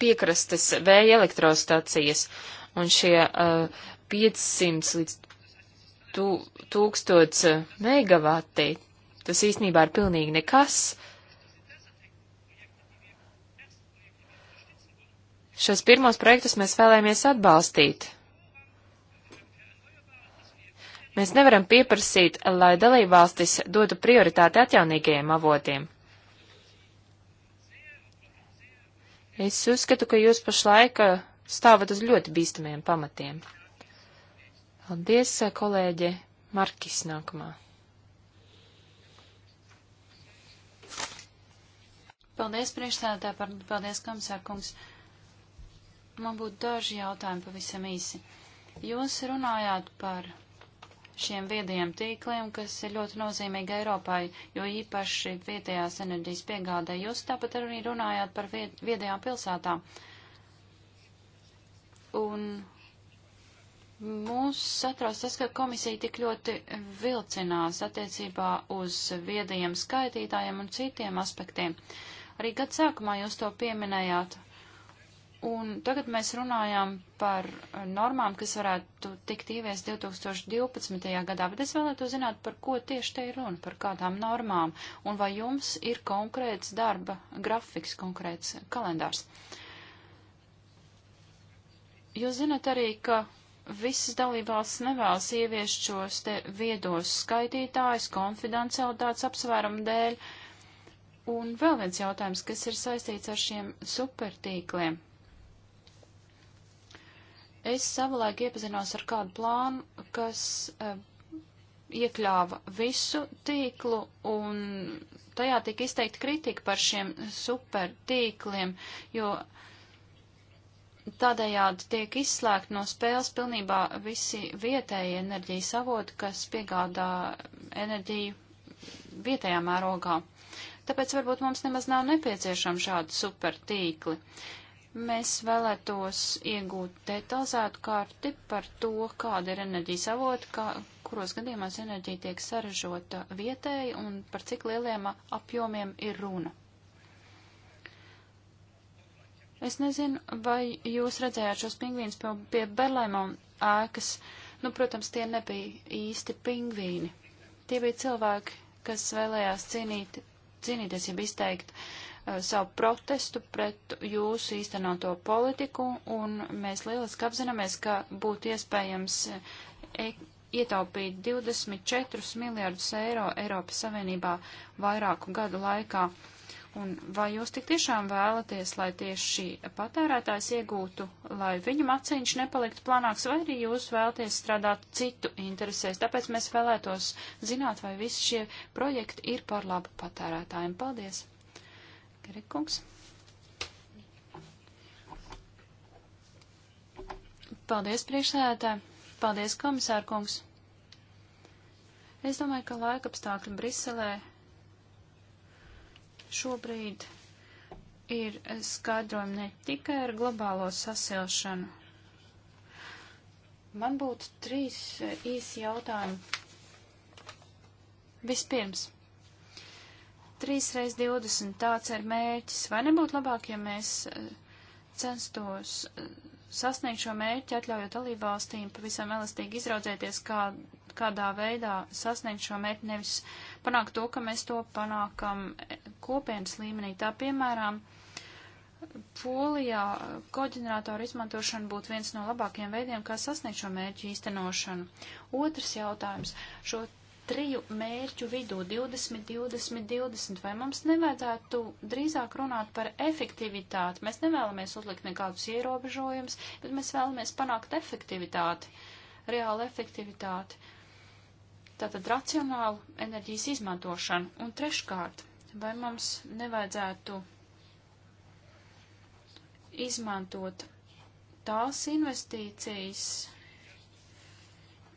piekrastes vēja elektrostacijas un šie uh, 500 līdz 1000 megavati, tas īstenībā ir pilnīgi nekas. Uh, Šos pirmos projektus mēs vēlējāmies atbalstīt. Mēs nevaram pieprasīt, lai dalībvalstis dotu prioritāti atjaunīgajiem avotiem. Es uzskatu, ka jūs pašlaik uh, stāvat uz ļoti bīstamiem pamatiem. Paldies, uh, kolēģe Markis nākamā. Paldies, priekšsēdētāji, paldies, komisārkungs. kungs. Man būtu daži jautājumi pavisam īsi. Jūs runājāt par šiem viedajiem tīkliem, kas ir ļoti nozīmīgi Eiropai, jo īpaši vietējās enerģijas piegādē. Jūs tāpat arī runājāt par vied viedajām pilsētām. Un mūs satrauc tas, ka komisija tik ļoti vilcinās attiecībā uz viedajiem skaitītājiem un citiem aspektiem. Arī gad sākumā jūs to pieminējāt, Un tagad mēs runājam par normām, kas varētu tikt ieviest 2012. gadā, bet es vēlētu zināt, par ko tieši te ir runa, par kādām normām, un vai jums ir konkrēts darba grafiks, konkrēts kalendārs. Jūs zinat arī, ka visas dalībvalstis nevēlas ieviest šos te viedos skaitītājus konfidencialitātes apsvērumu dēļ. Un vēl viens jautājums, kas ir saistīts ar šiem supertīkliem. Es savulaik iepazinos ar kādu plānu, kas uh, iekļāva visu tīklu, un tajā tika izteikta kritika par šiem super tīkliem, jo tādējādi tiek izslēgt no spēles pilnībā visi vietēji enerģijas avoti, kas piegādā enerģiju vietējā mērogā. Tāpēc varbūt mums nemaz nav nepieciešama šāda super tīkli. Uh, Mēs vēlētos iegūt detalizētu karti par to, kāda ir enerģijas avota, kā, kuros gadījumās enerģija tiek saražota vietēji un par cik lieliem apjomiem ir runa. Es nezinu, vai jūs redzējāt šos pingvīnus pie, pie Berlaimon ēkas. Nu, protams, tie nebija īsti pingvīni. Tie bija cilvēki, kas vēlējās cīnīt, cīnīties, ja izteikt uh, Uh, savu protestu pret jūsu īstenoto politiku, un mēs lieliski apzināmies, ka būtu iespējams e ietaupīt 24 miljārdus eiro Eiropas Savienībā vairāku gadu laikā. Un vai jūs tik tiešām vēlaties, lai tieši patērētājs iegūtu, lai viņam acīņš nepaliktu planāks, vai arī jūs vēlaties strādāt citu interesēs? Tāpēc mēs vēlētos zināt, vai visi šie projekti ir par labu patērētājiem. Paldies! Gerekungs. Paldies, priekšsēdētāji. Paldies, komisārkungs. Es domāju, ka laika apstākļi Briselē šobrīd ir skaidrojumi ne tikai ar globālo sasilšanu. Man būtu trīs īsi jautājumi. Vispirms. 3x 20 tāds ir mērķis. Vai nebūtu labāk, ja mēs eh, censtos eh, sasniegt šo mērķi, atļaujot dalībvalstīm pavisam elastīgi izraudzēties, kā, kādā veidā sasniegt šo mērķi, nevis panākt to, ka mēs to panākam eh, kopienas līmenī. Tā piemēram, Polijā koģeneratoru izmantošana būtu viens no labākajiem veidiem, kā sasniegt šo mērķu īstenošanu. Otrs jautājums. Šo triju mērķu vidū 20, 20, 20, vai mums nevajadzētu drīzāk runāt par efektivitāti? Mēs nevēlamies uzlikt nekādus ierobežojumus, bet mēs vēlamies panākt efektivitāti, reālu efektivitāti. Tātad racionālu enerģijas izmantošanu. Un treškārt, vai mums nevajadzētu izmantot tās investīcijas,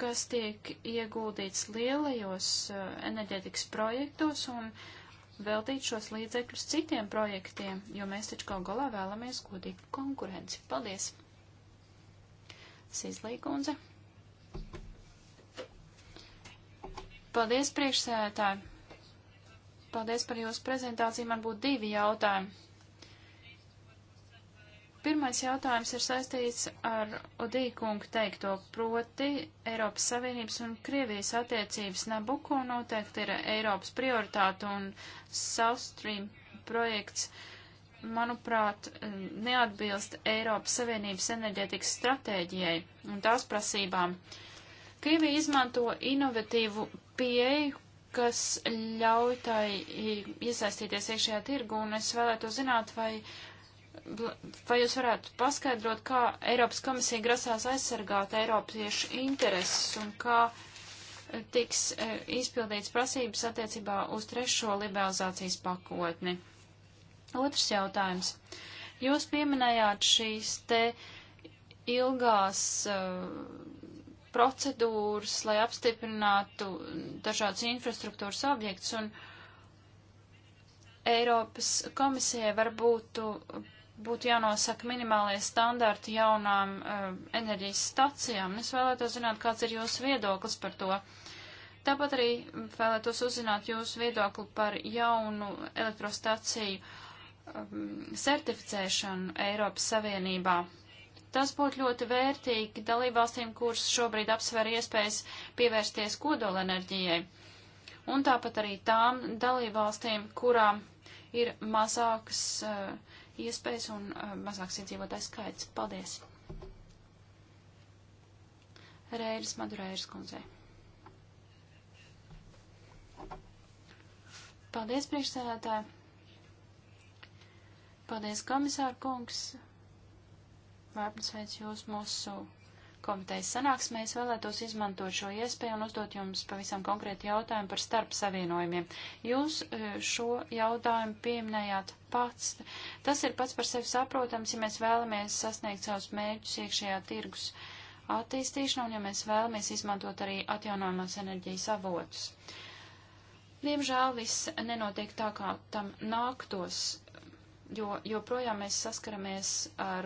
kas tiek ieguldīts lielajos eh, enerģētikas projektos un veltīt šos līdzekļus citiem projektiem, jo mēs taču kaut galā vēlamies godīgu konkurenci. Paldies! Sīslīkundze. Paldies, priekšsēdētāji! Paldies par jūsu prezentāciju. Man būtu divi jautājumi. Pirmais jautājums ir saistīts ar Odīkungu teikto proti Eiropas Savienības un Krievijas attiecības Nabuko noteikti ir Eiropas prioritāte un South Stream projekts, manuprāt, neatbilst Eiropas Savienības enerģētikas stratēģijai un tās prasībām. Krievija izmanto inovatīvu pieeju, kas ļauj tai iesaistīties iekšējā tirgu, un es vēlētu zināt, vai Vai jūs varētu paskaidrot, kā Eiropas komisija grasās aizsargāt Eiropiešu intereses un kā tiks e, izpildīts prasības attiecībā uz trešo liberalizācijas pakotni? Otrs jautājums. Jūs pieminējāt šīs te ilgās e, procedūras, lai apstiprinātu dažādus infrastruktūras objektus un Eiropas komisijai varbūt būtu jānosaka minimālie standarti jaunām uh, enerģijas stacijām. Es vēlētos zināt, kāds ir jūsu viedoklis par to. Tāpat arī vēlētos uzzināt jūsu viedokli par jaunu elektrostaciju um, certificēšanu Eiropas Savienībā. Tas būtu ļoti vērtīgi dalībvalstīm, kuras šobrīd apsver iespējas pievērsties kodolenerģijai. Un tāpat arī tām dalībvalstīm, kurām ir mazākas uh, iespējas un uh, mazāks iedzīvotājs skaits. Paldies! Rēļas Madurēras kundzei. Paldies, priekšsēdētāji! Paldies, komisāra kungs! Vērpnes veids jūs mūsu komitejas sanāksmē, es vēlētos izmantot šo iespēju un uzdot jums pavisam konkrēti jautājumu par starp savienojumiem. Jūs e, šo jautājumu pieminējāt pats. Tas ir pats par sevi saprotams, ja mēs vēlamies sasniegt savus mērķus iekšējā tirgus attīstīšanā un ja mēs vēlamies izmantot arī atjaunojumās enerģijas avotus. Diemžēl viss nenotiek tā, kā tam nāktos jo joprojām mēs saskaramies ar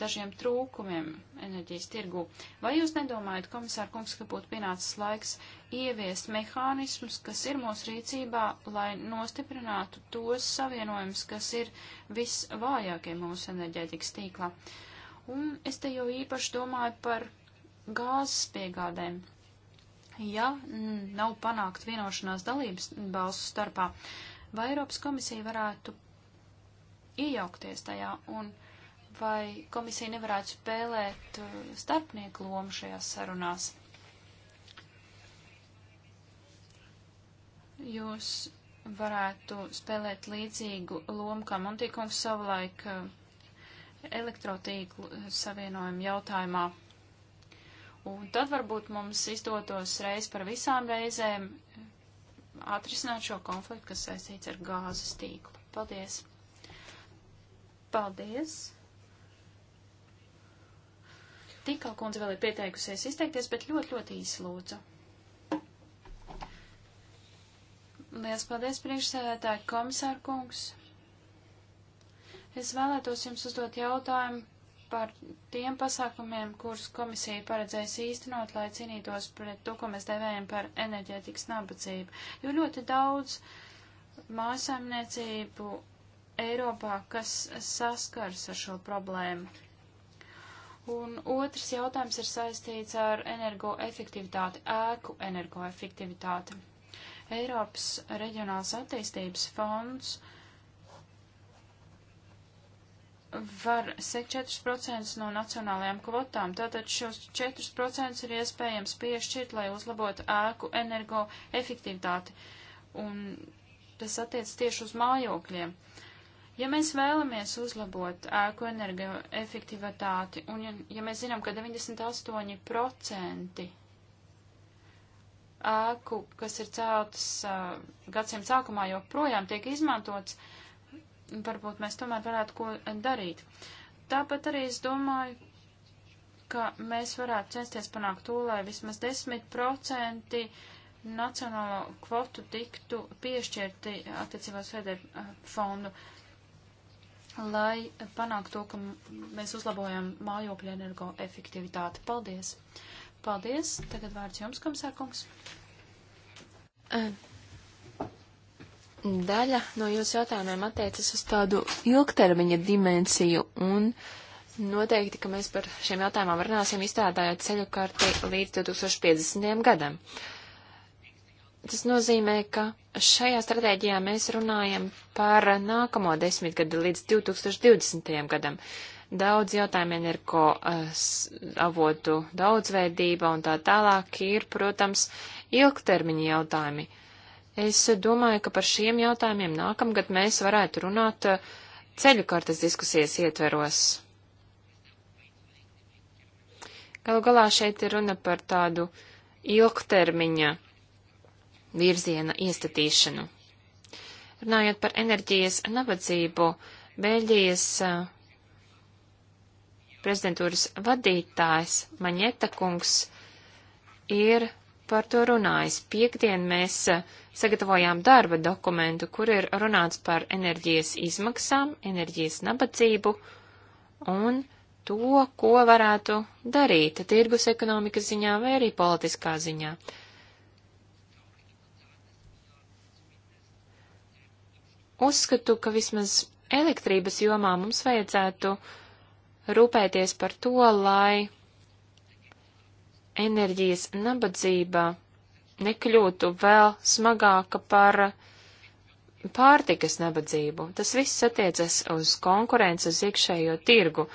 dažiem trūkumiem enerģijas tirgū. Vai jūs nedomājat, komisār kungs, ka būtu pienācis laiks ieviest mehānismus, kas ir mūsu rīcībā, lai nostiprinātu tos savienojumus, kas ir visvājākie mūsu enerģētikas tīklā? Un es te jau īpaši domāju par gāzes piegādēm. Ja nav panākt vienošanās dalības balsu starpā, vai Eiropas komisija varētu iejaukties tajā un vai komisija nevarētu spēlēt uh, starpnieku lomu šajās sarunās? Jūs varētu spēlēt līdzīgu lomu, kā Montīkungs savulaik uh, elektrotīklu uh, savienojumu jautājumā. Un tad varbūt mums izdotos reiz par visām reizēm atrisināt šo konfliktu, kas saistīts ar gāzes tīklu. Paldies! Paldies! Tikā kundze vēl ir pieteikusies izteikties, bet ļoti, ļoti īsi lūdzu. Lielas paldies, priekšsēdētāji, komisāra kungs. Es vēlētos jums uzdot jautājumu par tiem pasākumiem, kurus komisija paredzēs īstenot, lai cīnītos pret to, ko mēs devējam par enerģētikas nabadzību. Jo ļoti daudz mājasaimniecību Eiropā, kas saskars ar šo problēmu. Un otrs jautājums ir saistīts ar energoefektivitāti, ēku energoefektivitāti. Eiropas reģionāls attīstības fonds var sekt 4% no nacionālajām kvotām. Tātad šos 4% ir iespējams piešķirt, lai uzlabotu ēku energoefektivitāti. Un tas attiec tieši uz mājokļiem. Uh, Ja mēs vēlamies uzlabot ēku energoefektivitāti, un ja, ja mēs zinām, ka 98% ēku, kas ir celtas uh, gadsimta sākumā, joprojām tiek izmantots, varbūt mēs tomēr varētu ko darīt. Tāpat arī es domāju, ka mēs varētu censties panākt to, lai vismaz 10% nacionālo kvotu tiktu piešķirti attiecībās federu fondu. Uh, lai panāktu to, ka mēs uzlabojam mājokļu energoefektivitāti. Paldies! Paldies! Tagad vārds jums, komisārkungs. Daļa no jūsu jautājumiem attiecas uz tādu ilgtermiņa dimensiju un noteikti, ka mēs par šiem jautājumiem runāsim izstrādājot ceļu karti līdz 2050. gadam. Uh, Tas nozīmē, ka šajā stratēģijā mēs runājam par nākamo desmitgadu līdz 2020. gadam. Daudz jautājumu energo eh, avotu daudzveidība un tā tālāk ir, protams, ilgtermiņa jautājumi. Es domāju, ka par šiem jautājumiem nākamgad mēs varētu runāt eh, ceļu kartas diskusijas ietveros. Galu galā šeit ir runa par tādu ilgtermiņa virziena iestatīšanu. Runājot par enerģijas nabadzību, Beļģijas eh, prezidentūras vadītājs Maņeta kungs ir par to runājis. Piektdien mēs eh, sagatavojām darba dokumentu, kur ir runāts par enerģijas izmaksām, enerģijas nabadzību un to, ko varētu darīt tirgus ekonomikas ziņā vai arī politiskā ziņā. Uh, Uzskatu, ka vismaz elektrības jomā mums vajadzētu rūpēties par to, lai enerģijas nabadzība nekļūtu vēl smagāka par pārtikas nabadzību. Tas viss attiecas uz konkurences iekšējo tirgu.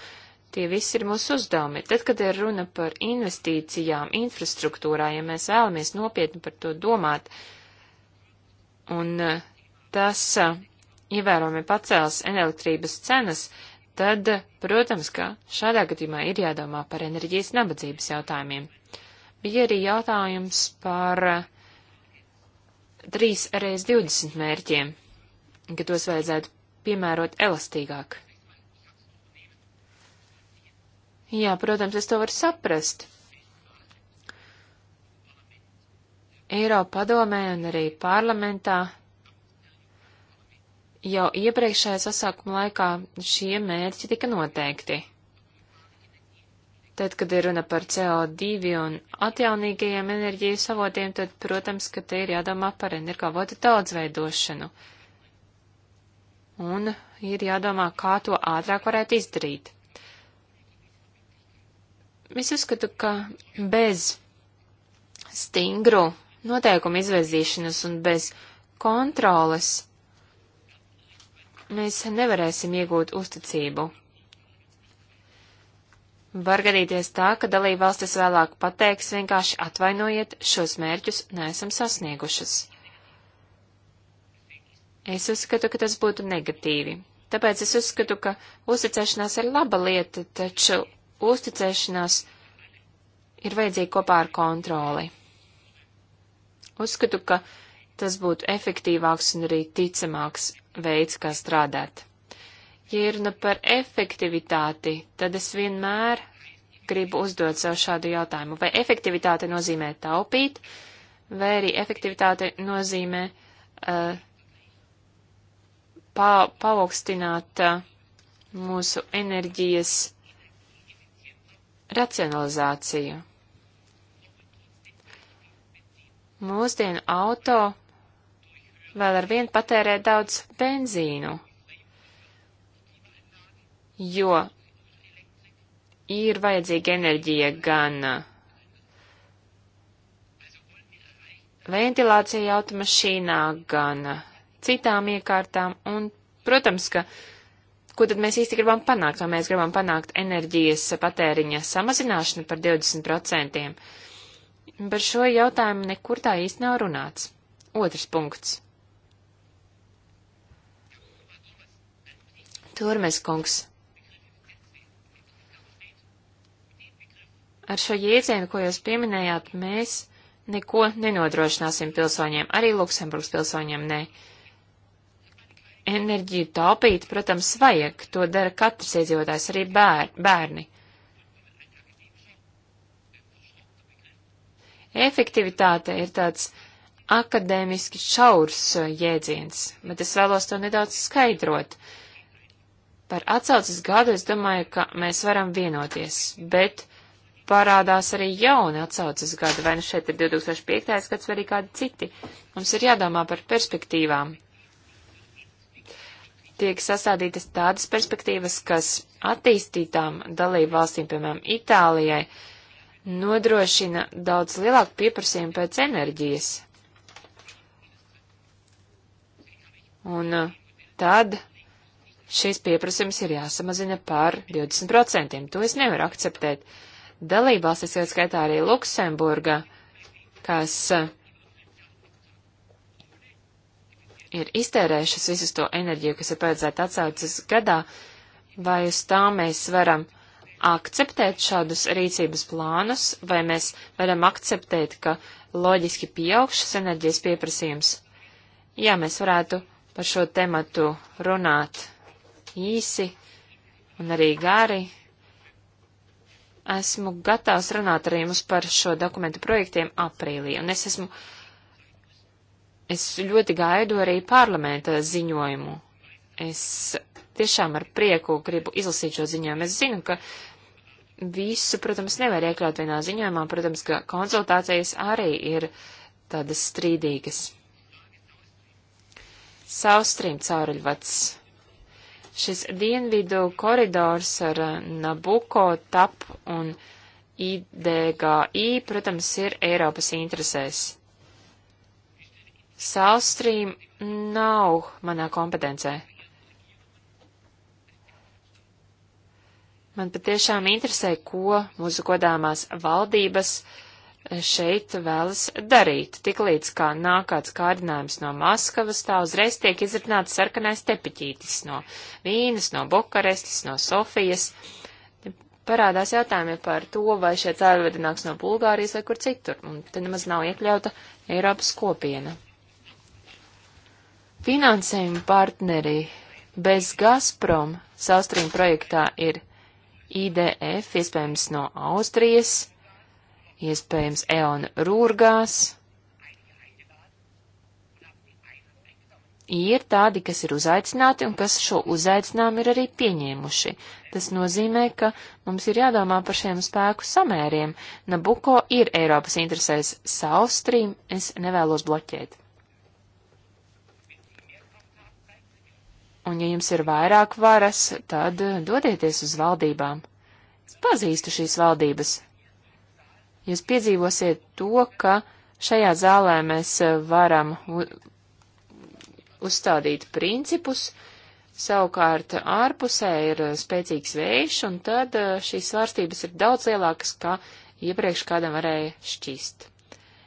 Tie visi ir mūsu uzdevumi. Tad, kad ir runa par investīcijām, infrastruktūrā, ja mēs vēlamies nopietni par to domāt, un tas ievērojami pacēls elektrības cenas, tad, protams, ka šādā gadījumā ir jādomā par enerģijas nabadzības jautājumiem. Bija arī jautājums par 3x20 mērķiem, ka tos vajadzētu piemērot elastīgāk. Jā, protams, es to varu saprast. Eiropa padomē un arī parlamentā jau iepriekšējā sasākuma laikā šie mērķi tika noteikti. Tad, kad ir runa par CO2 un atjaunīgajiem enerģijas avotiem, tad, protams, ka te ir jādomā par energoavotu daudzveidošanu. Un ir jādomā, kā to ātrāk varētu izdarīt. Es uzskatu, ka bez stingru noteikumu izvirzīšanas un bez kontroles mēs nevarēsim iegūt uzticību. Var gadīties tā, ka dalībvalstis vēlāk pateiks vienkārši atvainojiet, šos mērķus neesam sasniegušas. Es uzskatu, ka tas būtu negatīvi. Tāpēc es uzskatu, ka uzticēšanās ir laba lieta, taču uzticēšanās ir vajadzīga kopā ar kontroli. Uzskatu, ka tas būtu efektīvāks un arī ticamāks veids, kā strādāt. Ja runa par efektivitāti, tad es vienmēr gribu uzdot sev šādu jautājumu. Vai efektivitāte nozīmē taupīt, vai arī efektivitāte nozīmē uh, pa paaugstināt uh, mūsu enerģijas racionalizāciju? Mūsdienu auto vēl ar vienu patērē daudz benzīnu, jo ir vajadzīga enerģija gan eh, ventilācija automašīnā, gan eh, citām iekārtām, un, protams, ka, ko tad mēs īsti gribam panākt, vai mēs gribam panākt enerģijas patēriņa samazināšanu par 20%, par šo jautājumu nekur tā īsti nav runāts. Otrs punkts. Turmes kungs. Ar šo jēdzienu, ko jūs pieminējāt, mēs neko nenodrošināsim pilsoņiem, arī Luksemburgas pilsoņiem ne. Enerģiju taupīt, protams, vajag, to dara katrs iedzīvotājs, arī bēr, bērni. Efektivitāte ir tāds akadēmiski šaurs uh, jēdziens, bet es vēlos to nedaudz skaidrot. Uh, Par atsaucas gadu es domāju, ka mēs varam vienoties, bet parādās arī jauni atsaucas gadi, vai nu šeit ir 2005. gads vai arī kādi citi. Mums ir jādomā par perspektīvām. Tiek sastādītas tādas perspektīvas, kas attīstītām dalību valstīm, piemēram, Itālijai, nodrošina daudz lielāku pieprasījumu pēc enerģijas. Un uh, tad šīs pieprasījums ir jāsamazina par 20%. To es nevaru akceptēt. Dalībvalstis ieskaitā arī Luksemburga, kas eh, ir iztērējušas visus to enerģiju, kas ir paredzēta atsaucas gadā, vai uz tā mēs varam akceptēt šādus rīcības plānus, vai mēs varam akceptēt, ka loģiski pieaugšas enerģijas pieprasījums. Jā, mēs varētu par šo tematu runāt īsi un arī gari. Esmu gatavs runāt ar jums par šo dokumentu projektiem aprīlī, un es esmu, es ļoti gaidu arī parlamenta ziņojumu. Es tiešām ar prieku gribu izlasīt šo ziņojumu. Es zinu, ka visu, protams, nevar iekļaut vienā ziņojumā, protams, ka konsultācijas arī ir tādas strīdīgas. South Stream cauruļvads. Šis dienvidu koridors ar eh, Nabuko, TAP un IDGI, protams, ir Eiropas interesēs. South Stream nav manā kompetencē. Man patiešām interesē, ko mūsu godāmās valdības uh, šeit vēlas darīt. Tiklīdz kā nāk kāds kārdinājums no Maskavas, tā uzreiz tiek izritināts sarkanais tepiķītis no Vīnas, no Bukarestas, no Sofijas. Parādās jautājumi par to, vai šie cēlvedi nāks no Bulgārijas vai kur citur, un te nemaz nav iekļauta Eiropas kopiena. Finansējuma partneri bez Gazprom Saustrīm projektā ir IDF, iespējams no Austrijas, iespējams Eona Rūrgās. Ir tādi, kas ir uzaicināti un kas šo uzaicinājumu ir arī pieņēmuši. Tas nozīmē, ka mums ir jādomā par šiem spēku samēriem. Nabuko ir Eiropas interesēs South Stream, es nevēlos bloķēt. un ja jums ir vairāk varas, tad dodieties uz valdībām. Es pazīstu šīs valdības, Jūs piedzīvosiet to, ka šajā zālē mēs eh, varam uzstādīt principus, savukārt ārpusē ir eh, spēcīgs vējš, un tad eh, šīs svārstības ir daudz lielākas, kā iepriekš kādam varēja šķist.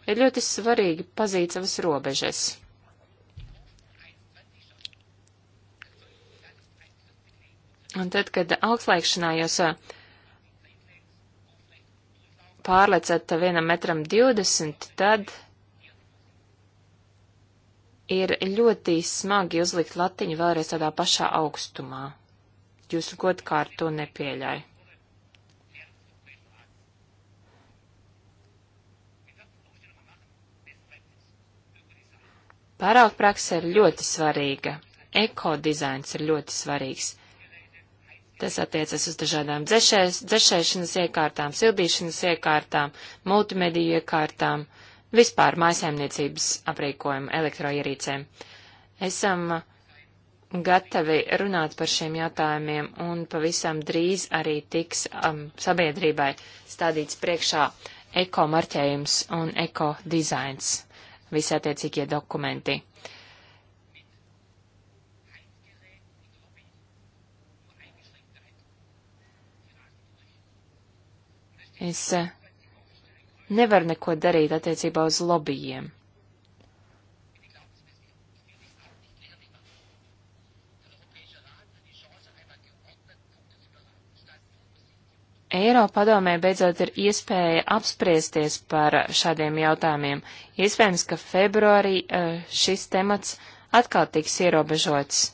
Ir ļoti svarīgi pazīt savas robežas. Un tad, kad augstlaikšanā jūs pārlecat vienam metram 20, tad ir ļoti smagi uzlikt latiņu vēlreiz tādā pašā augstumā. Jūsu godkārt to nepieļauj. Pārāk praksa ir ļoti svarīga. Eko dizains ir ļoti svarīgs. Tas attiecas uz dažādām dzešēs, dzešēšanas iekārtām, sildīšanas iekārtām, multimediju iekārtām, vispār mājasēmniecības aprīkojumu elektroierīcēm. Esam gatavi runāt par šiem jautājumiem un pavisam drīz arī tiks um, sabiedrībai stādīts priekšā eko marķējums un eko dizains, visi attiecīgie dokumenti. Uh, Es eh, nevaru neko darīt attiecībā uz lobbyiem. Eiropadomē beidzot ir iespēja apspriesties par šādiem jautājumiem. Iespējams, ka februārī eh, šis temats atkal tiks ierobežots.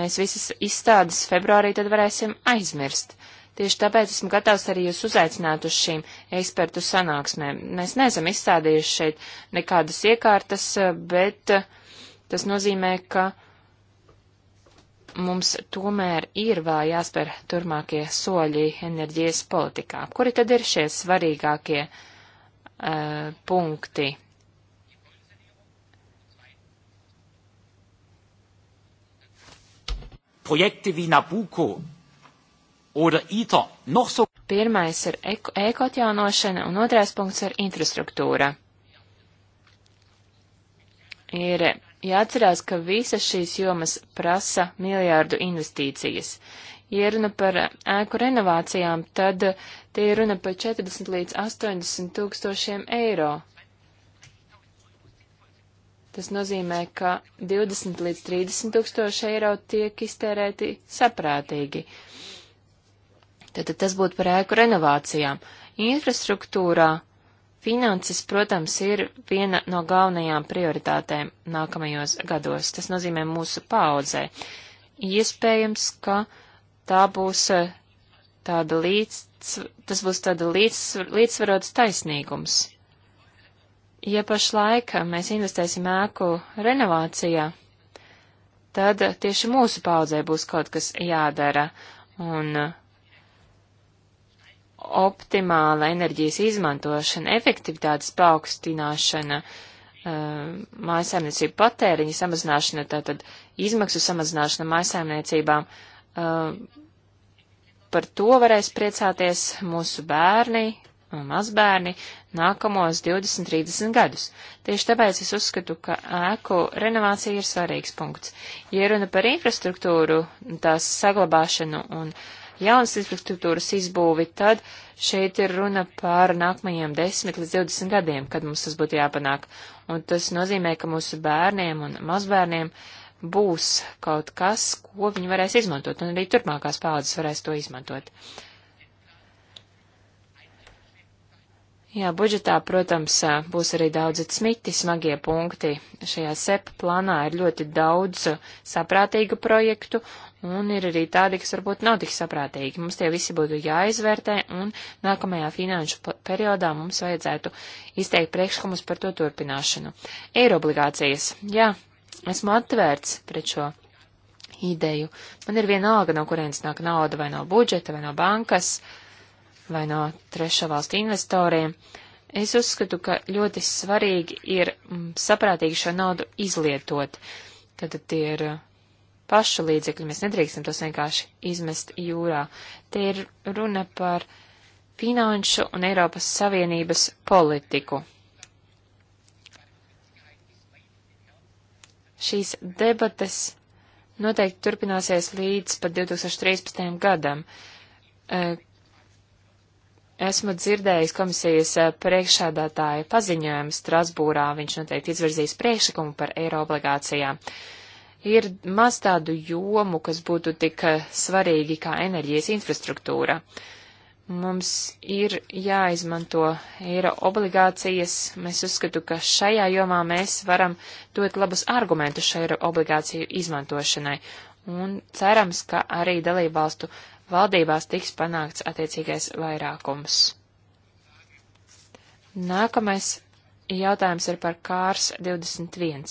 Mēs visas izstādes februārī tad varēsim aizmirst. Uh, Tieši tāpēc esmu gatavs arī jūs uzaicināt uz šīm ekspertu sanāksmēm. Mēs neesam izstādījuši šeit nekādas iekārtas, bet eh, tas nozīmē, ka mums tomēr ir vēl jāspēr turmākie soļi enerģijas politikā. Kuri tad ir šie svarīgākie uh, punkti? Projekti wie Nabucco oder ITER noch so. Pirmais ir eko, eko atjaunošana un otrais punkts ir infrastruktūra. Ir jāatcerās, ka visas šīs jomas prasa miljārdu investīcijas. Ja runa par ēku renovācijām, tad tie ir runa par 40 līdz 80 tūkstošiem eiro. Tas nozīmē, ka 20 līdz 30 tūkstoši eiro tiek iztērēti saprātīgi. Uh, Tad tas būtu par ēku renovācijām. Infrastruktūrā finanses, protams, ir viena no galvenajām prioritātēm nākamajos gados. Tas nozīmē mūsu paudzē. Iespējams, ka tā būs eh, tāda līdz, tas būs tāda līdz, līdzsvarots taisnīgums. Ja pašlaik mēs investēsim ēku renovācijā, tad tieši mūsu paudzē būs kaut kas jādara, un optimāla enerģijas izmantošana, efektivitātes paaugstināšana, eh, mājasaimniecību patēriņa samazināšana, tātad izmaksu samazināšana mājasaimniecībām. Eh, par to varēs priecāties mūsu bērni un mazbērni nākamos 20-30 gadus. Tieši tāpēc es uzskatu, ka ēku renovācija ir svarīgs punkts. Ja runa par infrastruktūru, tās saglabāšanu un uh, jaunas infrastruktūras izbūvi, tad šeit ir runa par nākamajiem 10 līdz 20 gadiem, kad mums tas būtu jāpanāk. Un tas nozīmē, ka mūsu bērniem un mazbērniem būs kaut kas, ko viņi varēs izmantot, un arī turpmākās paudzes varēs to izmantot. Jā, budžetā, protams, būs arī daudz smiti, smagie punkti. Šajā SEP plānā ir ļoti daudz saprātīgu projektu, un ir arī tādi, kas varbūt nav tik saprātīgi. Mums tie visi būtu jāizvērtē, un nākamajā finanšu periodā mums vajadzētu izteikt priekšlikumus par to turpināšanu. Eirobligācijas. Jā, esmu atvērts pret šo ideju. Man ir viena alga, no kurienes nāk nauda, vai no budžeta, vai no bankas, vai no trešā valstu investoriem. Es uzskatu, ka ļoti svarīgi ir mm, saprātīgi šo naudu izlietot. Tad tie ir pašu līdzekļi, mēs nedrīkstam tos vienkārši izmest jūrā. Te ir runa par finanšu un Eiropas Savienības politiku. Šīs debates noteikti turpināsies līdz pat 2013. gadam. E, esmu dzirdējis komisijas e, priekšādātāja paziņojumu Strasbūrā, viņš noteikti izvirzīs priekšlikumu par eiro obligācijām. Uh, ir maz tādu jomu, kas būtu tik eh, svarīgi kā enerģijas infrastruktūra. Mums ir jāizmanto eiro obligācijas. Mēs uzskatu, ka šajā jomā mēs varam dot labus argumentus šai eiro obligāciju izmantošanai. Un cerams, ka arī dalībvalstu valdībās tiks panākts attiecīgais vairākums. Nākamais jautājums ir par kārs 21.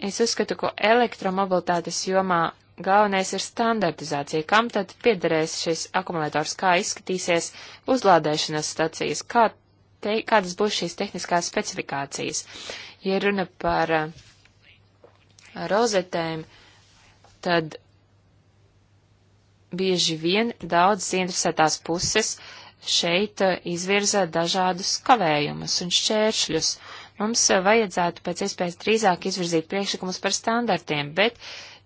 Es uzskatu, ka elektromobilitātes jomā galvenais ir standartizācija. Kam tad piederēs šis akumulators, kā izskatīsies uzlādēšanas stacijas, kā te, kādas būs šīs tehniskās specifikācijas. Ja runa par uh, rozetēm, tad bieži vien daudzas interesētās puses šeit uh, izvirza dažādus kavējumus un šķēršļus. Uh, Mums eh, vajadzētu pēc iespējas drīzāk izvirzīt priekšlikumus par standartiem, bet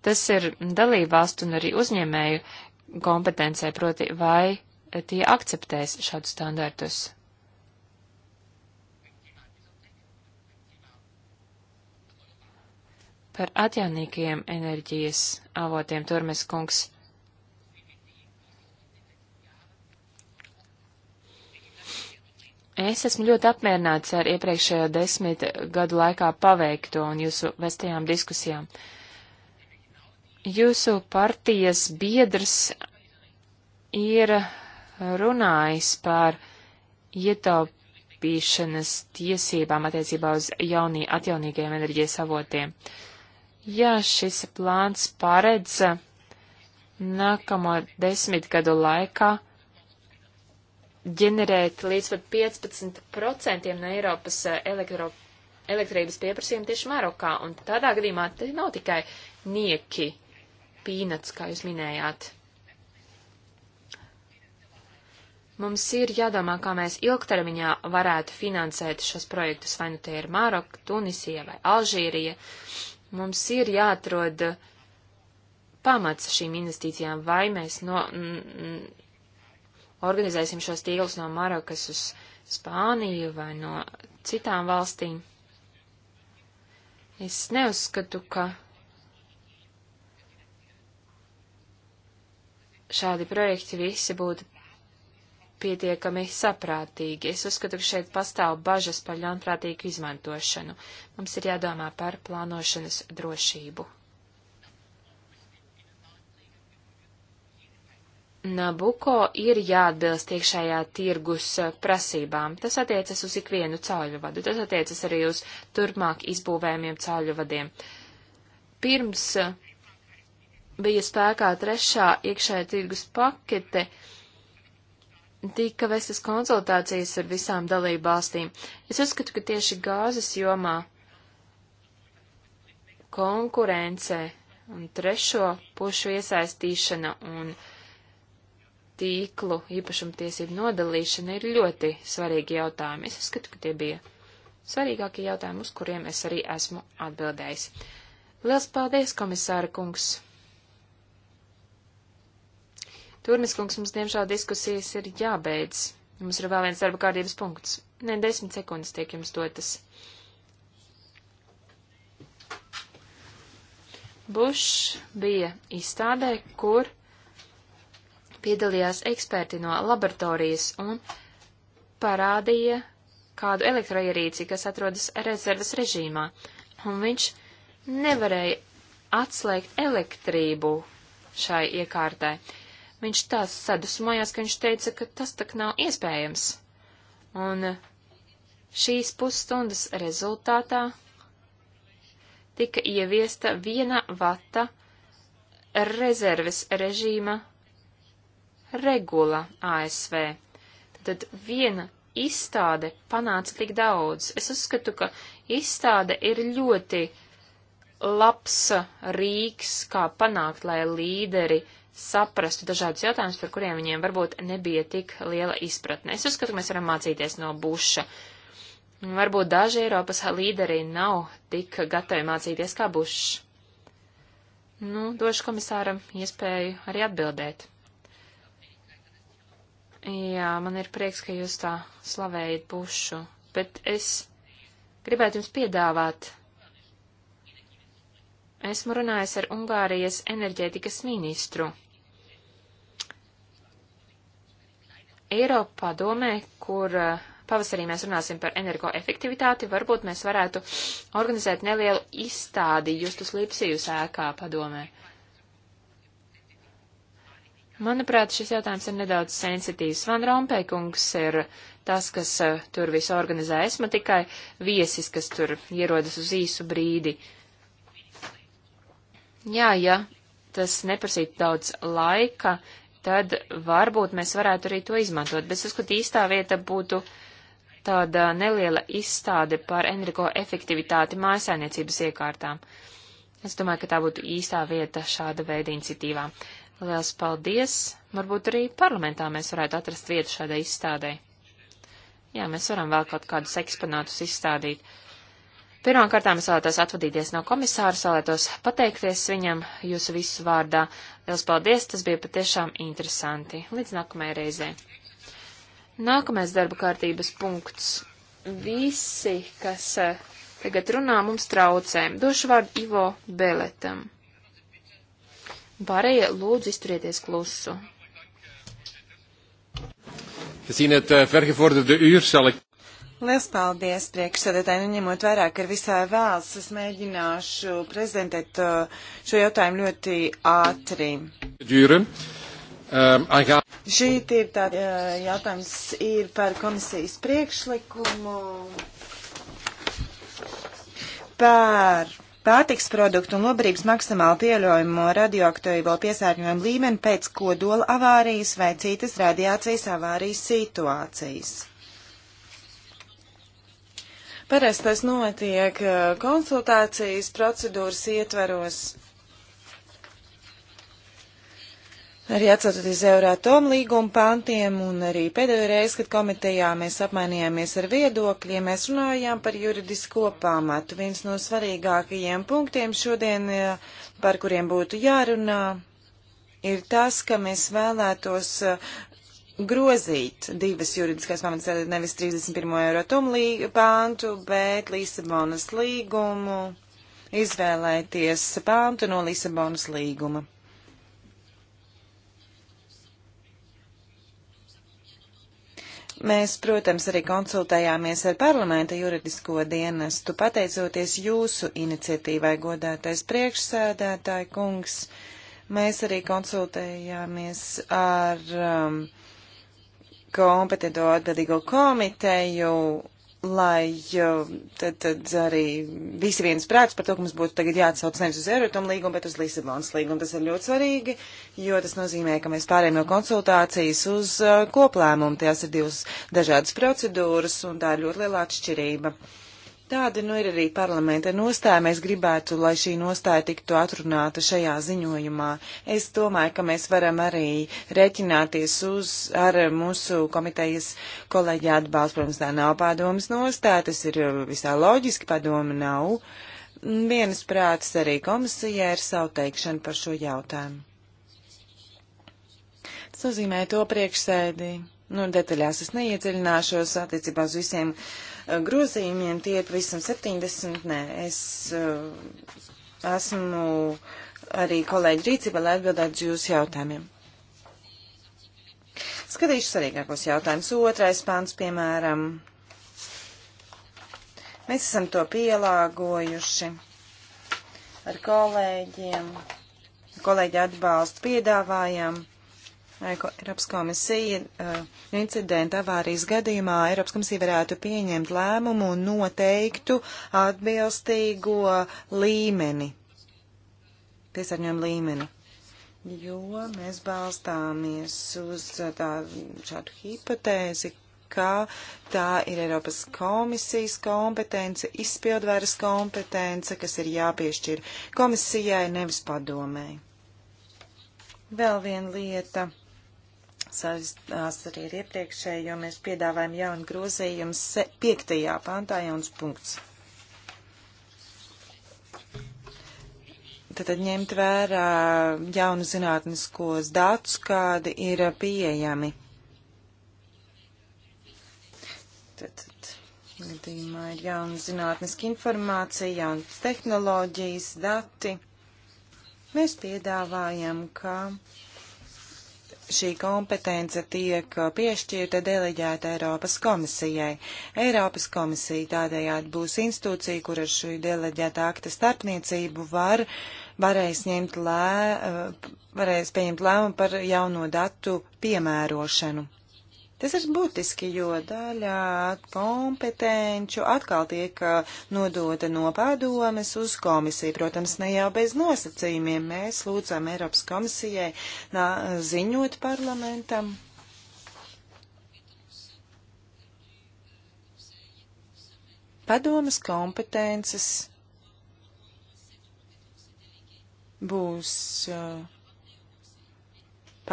tas ir dalībvalstu un arī uzņēmēju kompetencē, proti, vai tie akceptēs šādus standartus. Par atjaunīgajiem enerģijas avotiem Turmes kungs Es esmu ļoti apmierināts ar iepriekšējo desmit gadu laikā paveikto un jūsu vestajām diskusijām. Jūsu partijas biedrs ir runājis par ietaupīšanas tiesībām attiecībā uz jaunī, atjaunīgajiem enerģijas avotiem. Ja šis plāns paredz nākamo desmit gadu laikā, ģenerēt līdz pat 15% no Eiropas eh, elektro, elektrības pieprasījuma tieši Marokā, un tādā gadījumā te nav tikai nieki pīnats, kā jūs minējāt. Mums ir jādomā, kā mēs ilgtermiņā varētu finansēt šos projektus, vai nu tie ir Maroka, Tunisija vai Alžīrija. Mums ir jāatrod pamats šīm investīcijām, vai mēs no, mm, organizēsim šos tīklus no Marokas uz Spāniju vai no citām valstīm. Es neuzskatu, ka šādi projekti visi būtu pietiekami saprātīgi. Es uzskatu, ka šeit pastāv bažas par ļaunprātīgu izmantošanu. Mums ir jādomā par plānošanas drošību. Nabuko ir jāatbilst iekšējā tirgus eh, prasībām. Tas attiecas uz ikvienu cauļvadu, tas attiecas arī uz turpmāk izbūvējumiem cauļvadiem. Pirms eh, bija spēkā trešā iekšējā tirgus pakete, tika vestas konsultācijas ar visām dalību valstīm. Es uzskatu, ka tieši gāzes jomā konkurence un trešo pušu iesaistīšana un tīklu īpašumtiesību nodalīšana ir ļoti svarīgi jautājumi. Es uzskatu, ka tie bija svarīgākie jautājumi, uz kuriem es arī esmu atbildējis. Liels paldies, komisāra kungs! Turmis kungs, mums diemžēl diskusijas ir jābeidz. Mums ir vēl viens darba kārtības punkts. Nē, desmit sekundes tiek jums dotas. Bušs bija izstādē, kur piedalījās eksperti no laboratorijas un parādīja kādu elektroierīci, kas atrodas rezerves režīmā, un viņš nevarēja atslēgt elektrību šai iekārtai. Viņš tā sadusmojās, ka viņš teica, ka tas tak nav iespējams. Un šīs pusstundas rezultātā tika ieviesta viena vata rezerves režīma regula ASV. Tad viena izstāde panāca tik daudz. Es uzskatu, ka izstāde ir ļoti labs rīks, kā panākt, lai līderi saprastu dažādus jautājumus, par kuriem viņiem varbūt nebija tik liela izpratne. Es uzskatu, ka mēs varam mācīties no Buša. Varbūt daži Eiropas līderi nav tik gatavi mācīties kā Bušs. Nu, došu komisāram iespēju arī atbildēt. Jā, man ir prieks, ka jūs tā slavējat bušu, bet es gribētu jums piedāvāt. Esmu runājis ar Ungārijas enerģētikas ministru. Eiropā domē, kur eh, pavasarī mēs runāsim par energoefektivitāti, varbūt mēs varētu organizēt nelielu izstādi Justus Lipsiju sēkā padomē. Uh, Manuprāt, šis jautājums ir nedaudz sensitīvs. Van Rompēkungs ir tas, kas uh, tur visu organizē. Esmu tikai viesis, kas tur ierodas uz īsu brīdi. Jā, ja tas neprasītu daudz laika, tad varbūt mēs varētu arī to izmantot. Bet es uzskatu, īstā vieta būtu tāda neliela izstāde par energo efektivitāti mājasainiecības iekārtām. Es domāju, ka tā būtu īstā vieta šāda veida iniciatīvām. Liels paldies! Varbūt arī parlamentā mēs varētu atrast vietu šādai izstādē. Jā, mēs varam vēl kaut kādus eksponātus izstādīt. Pirmkārt, es vēlētos atvadīties no komisāra, vēlētos pateikties viņam jūsu visu vārdā. Lielas paldies, tas bija patiešām interesanti. Līdz nākamajai reizē. Nākamais darba kārtības punkts. Visi, kas eh, tagad runā, mums traucē. Došu vārdu Ivo Beletam. Pārējie lūdzu izturieties klusu. Gezien het uh, vergevorderde uur zal ik. Liels paldies priekšsēdētāji, nu ņemot vērā, ka ir visai vēls, es mēģināšu prezentēt uh, šo jautājumu ļoti ātri. Dūren. Um, ehm, got... Šī ir tā uh, eh, jautājums ir par komisijas priekšlikumu par Pārtiks produktu un lobrības maksimāli pieļaujamo radioaktīvo piesārņojumu līmeni pēc kodola avārijas vai citas radiācijas avārijas situācijas. Parasti tas notiek eh, konsultācijas procedūras ietveros Arī atcaucoties Eurātom līguma pantiem un arī pēdējo reizi, kad komitejā mēs apmainījāmies ar viedokļiem, mēs runājām par juridisko pamatu. Viens no svarīgākajiem punktiem šodien, eh, par kuriem būtu jārunā, ir tas, ka mēs vēlētos eh, grozīt divas juridiskās pamatas, tātad nevis 31. Eurātom pantu, bet Lisabonas līgumu, izvēlēties pantu no Lisabonas līguma. Mēs, protams, arī konsultējāmies ar parlamenta juridisko dienestu, pateicoties jūsu iniciatīvai, godātais priekšsēdētāji kungs. Mēs arī konsultējāmies ar um, kompetento atbildīgo komiteju lai tad, tad arī visi viens prāts par to, ka mums būtu tagad jāatsauc nevis uz Eurotom līgumu, bet uz Lisabonas līgumu. Tas ir ļoti svarīgi, jo tas nozīmē, ka mēs pārējām no konsultācijas uz uh, koplēmumu. Tās ir divas dažādas procedūras un tā ir ļoti liela atšķirība. Uh, Tāda nu ir arī parlamenta nostāja. Mēs gribētu, lai šī nostāja tiktu atrunāta šajā ziņojumā. Es domāju, ka mēs varam arī reķināties uz, ar mūsu komitejas kolēģi atbalstu. Protams, tā nav padomas nostāja, tas ir uh, visā loģiski, padoma nav. Vienas prātas arī komisijai ir savu teikšanu par šo jautājumu. Tas nozīmē to priekšsēdī. Nu, detaļās es neiedziļināšos attiecībā uz visiem. Uh, grozījumiem, tie ir pavisam 70, nē, es eh, esmu arī kolēģi rīcībā, lai atbildētu jūsu jautājumiem. Skatīšu svarīgākos jautājumus. Otrais pāns, piemēram, mēs esam to pielāgojuši ar kolēģiem, kolēģi atbalstu piedāvājam Eiropas komisija eh, incidenta avārijas gadījumā Eiropas komisija varētu pieņemt lēmumu un noteiktu atbilstīgo līmeni, piesārņojumu līmeni, jo mēs balstāmies uz eh, tā, šādu hipotēzi, ka tā ir Eiropas komisijas kompetence, izpildvaras kompetence, kas ir jāpiešķir komisijai, nevis padomēji. Vēl viena lieta saistās arī ar iepriekšēju, jo mēs piedāvājam jaunu grozījumu piektajā pantā jauns punkts. Tātad ņemt vērā jaunu zinātniskos datus, kādi ir pieejami. Tātad gadījumā ir jauna zinātniska informācija, jaunas tehnoloģijas, dati. Mēs piedāvājam, ka šī kompetence tiek uh, piešķirta deleģēta Eiropas komisijai. Eiropas komisija tādējādi būs institūcija, kur ar šī deleģēta akta starpniecību var, varēs, ņemt lē, uh, varēs pieņemt lēmumu par jauno datu piemērošanu. Tas ir būtiski, jo daļā kompetenču atkal tiek uh, nodota no padomes uz komisiju. Protams, ne jau bez nosacījumiem mēs lūdzām Eiropas komisijai nā, uh, ziņot parlamentam. Padomas kompetences būs. Uh,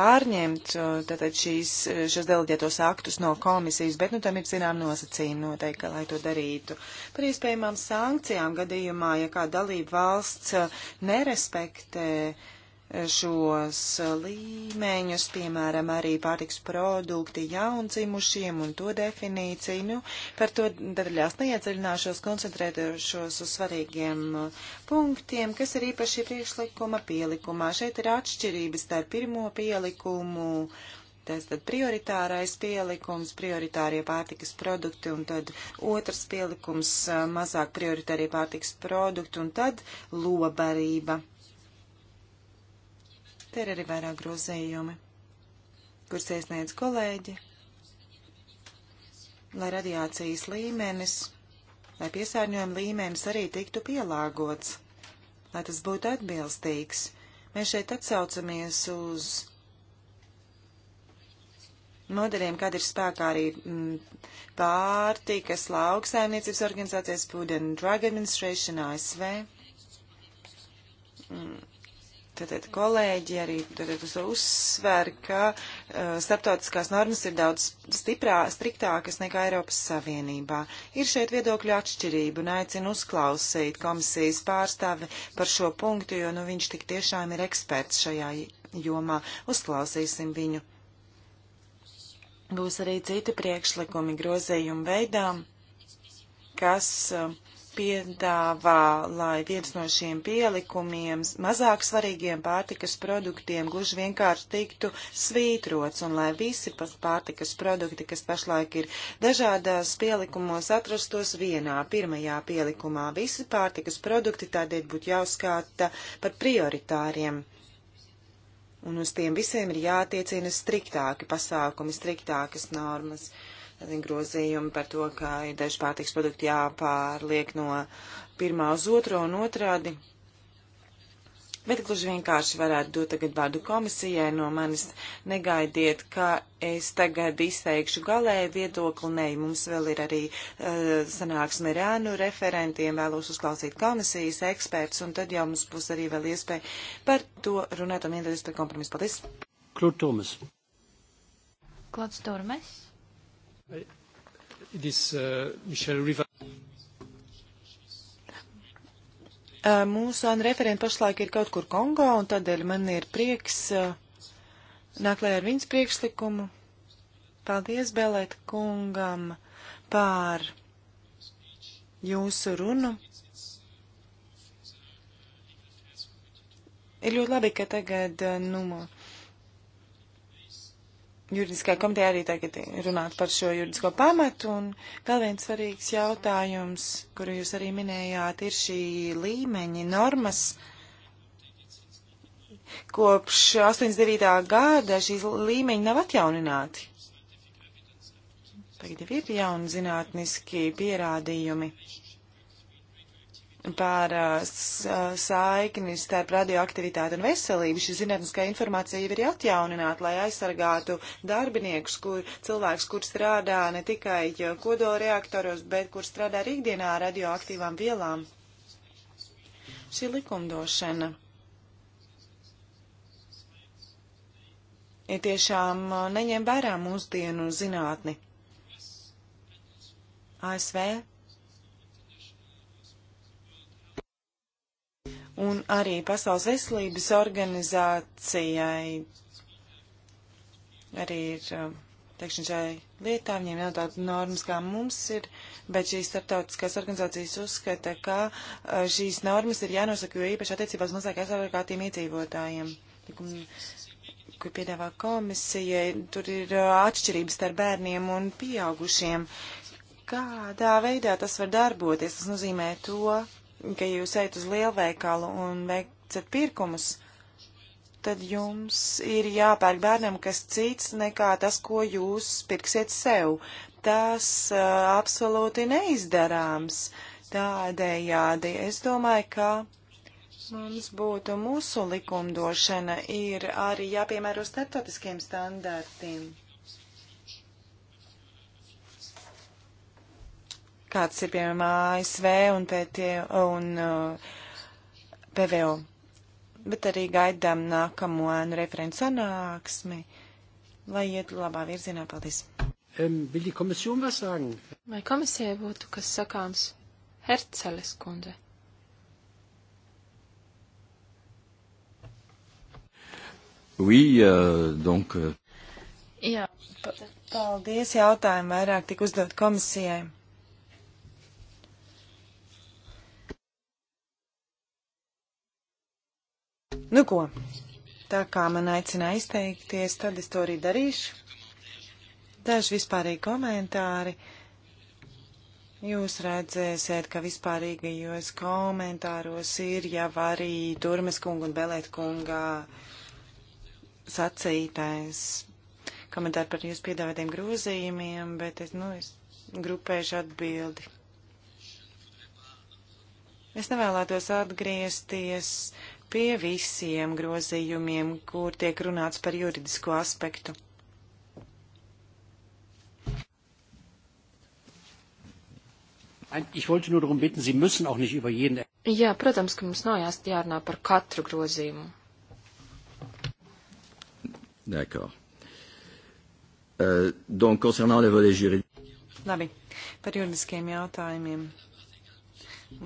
pārņemt uh, tātad šīs, šos deleģētos aktus no komisijas, bet nu tam ir zinām nosacījumi noteikti, lai to darītu. Par iespējamām sankcijām gadījumā, ja kā dalība valsts uh, nerespektē uh, šos līmeņus, piemēram, arī pārtiks produkti jaundzimušiem un to definīciju. Nu, par to daļās neiedziļināšos, koncentrēšos uz svarīgiem punktiem, kas ir īpaši priekšlikuma pielikumā. Šeit ir atšķirības starp pirmo pielikumu. Tas tad prioritārais pielikums, prioritārie pārtikas produkti, un tad otrs pielikums, mazāk prioritārie pārtikas produkti, un tad lobarība Te ir arī vairāk grozējumi, kurus iesniedz kolēģi, lai radiācijas līmenis, lai piesārņojuma līmenis arī tiktu pielāgots, lai tas būtu atbilstīgs. Mēs šeit atsaucamies uz nodariem, kad ir spēkā arī mm, pārtikas lauksaimniecības organizācijas Food and Drug Administration ASV. Mm, Tātad kolēģi arī tātad uz uzsver, ka uh, starptautiskās normas ir daudz stiprā, striktākas nekā Eiropas Savienībā. Ir šeit viedokļu atšķirība un aicinu uzklausīt komisijas pārstāvi par šo punktu, jo nu, viņš tik tiešām ir eksperts šajā jomā. Uzklausīsim viņu. Būs arī citi priekšlikumi grozījumu veidām, kas. Uh, piedāvā, lai viens no šiem pielikumiem mazāk svarīgiem pārtikas produktiem gluži vienkārši tiktu svītrots un lai visi pārtikas produkti, kas pašlaik ir dažādās pielikumos, atrastos vienā pirmajā pielikumā. Visi pārtikas produkti tādēļ būtu jāuzskata par prioritāriem. Un uz tiem visiem ir jātiecina striktāki pasākumi, striktākas normas. Uh, grozījumi par to, ka ir daži pārtiks produkti jāpārliek no pirmā uz otro un otrādi. Bet gluži vienkārši varētu dot tagad vārdu komisijai no manis. Negaidiet, ka es tagad izteikšu galēju viedokli. Nē, mums vēl ir arī uh, sanāksme ar ēnu referentiem, vēlos uzklausīt komisijas eksperts, un tad jau mums būs arī vēl iespēja par to runāt un vienoties par kompromisu. Paldies! Klūt Tomas. Klāts Turmes. It is uh, uh Michel Riva. Uh, mūsu ANU referenti pašlaik ir kaut kur Kongo, un tādēļ man ir prieks uh, nākt lai ar viņas priekšlikumu. Paldies, Belēt kungam, pār jūsu runu. Ir ļoti labi, ka tagad, nu, juridiskajā komitejā arī tagad runāt par šo juridisko pamatu. Un vēl viens svarīgs jautājums, kuru jūs arī minējāt, ir šī līmeņa normas. Kopš 89. gada šīs līmeņi nav atjaunināti. Tagad jau ir jauni zinātniski pierādījumi par uh, uh, saikni starp radioaktivitāti un veselību. Šī zinātniskā informācija jau ir atjaunināta, lai aizsargātu darbiniekus, kur, cilvēks, kur strādā ne tikai uh, kodolreaktoros, bet kur strādā arī ikdienā ar radioaktīvām vielām. Šī likumdošana ir tiešām neņem vērā mūsdienu zinātni. ASV un arī Pasaules veselības organizācijai arī ir, um, teiksim, šai lietā, viņiem nav tāda normas, kā mums ir, bet šīs starptautiskās organizācijas uzskata, ka uh, šīs normas ir jānosaka, jo īpaši attiecībās mazāk aizsargātiem iedzīvotājiem. Kur piedāvā komisija, tur ir uh, atšķirības starp bērniem un pieaugušiem. Kādā veidā tas var darboties? Tas nozīmē to, ka jūs ejat uz lielveikalu un veicat pirkumus, tad jums ir jāpērk bērnam kas cits nekā tas, ko jūs pirksiet sev. Tas uh, absolūti neizdarāms. Tādējādi es domāju, ka mums būtu mūsu likumdošana ir arī jāpiemēro starptautiskiem standartiem. kāds ir, piemēram, ASV un, pētie, un uh, PVO. Bet arī gaidām nākamo ēnu referentu sanāksmi, lai iet labā virzienā. Paldies! Ähm, Vai komisijai būtu kas sakāms? Herceles kundze. Oui, euh, donc. Euh, Jā, paldies jautājumu vairāk tik uzdot komisijai. Nu ko, tā kā man aicināja izteikties, tad es to arī darīšu. Daži vispārīgi komentāri. Jūs redzēsiet, ka vispārīgajos komentāros ir jau arī Turmes kunga un Belēt kunga sacītais komentāri par jūsu piedāvātiem grozījumiem, bet es, nu, es grupēšu atbildi. Es nevēlētos atgriezties pie visiem grozījumiem, kur tiek runāts par juridisko aspektu. Ich wollte nur darum bitten, Sie müssen auch nicht über jeden. Jā, protams, ka mums nav jās, jārunā par katru grozījumu. D'accord. Euh, donc, concernant le volet juridique. Labi, par juridiskiem jautājumiem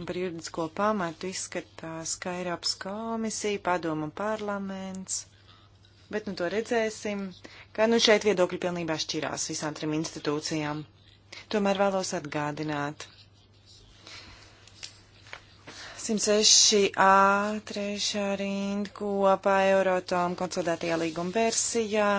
par juridisko pamatu izskatās, ka Eiropas komisija, padoma parlaments, bet nu to redzēsim, ka nu šeit viedokļi pilnībā šķirās visām trim institūcijām. Tomēr vēlos atgādināt. 106a, trešā rinda kopā Eurotom konsolidētajā līguma versijā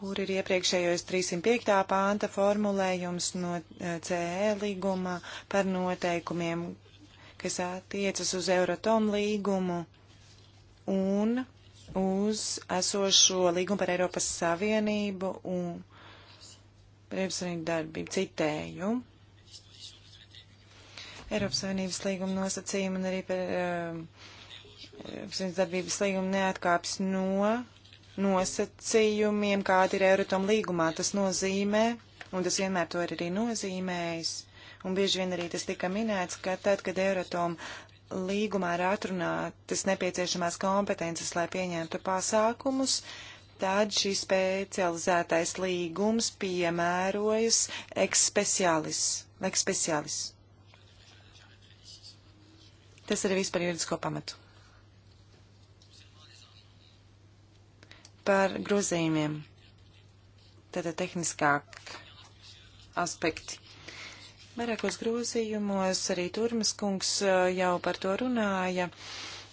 kur ir iepriekšējos 305. pānta formulējums no eh, CE līguma par noteikumiem, kas attiecas uz Euratom līgumu un uz esošo līgumu par Eiropas Savienību un Eiropas Savienību darbību citēju. Eiropas Savienības līguma nosacījumi un arī par uh, eh, Eiropas Savienības darbības līgumu neatkāps no nosacījumiem, kāda ir Euratom līgumā. Tas nozīmē, un tas vienmēr to ir arī nozīmējis, un bieži vien arī tas tika minēts, ka tad, kad Euratom līgumā ir atrunātas nepieciešamās kompetences, lai pieņemtu pasākumus, tad šis specializētais līgums piemērojas ekspeciālis. ekspeciālis. Tas arī vispār juridisko pamatu. par grozījumiem. Tātad tehniskāk aspekti. Vairākos grozījumos arī Turmas kungs jau par to runāja.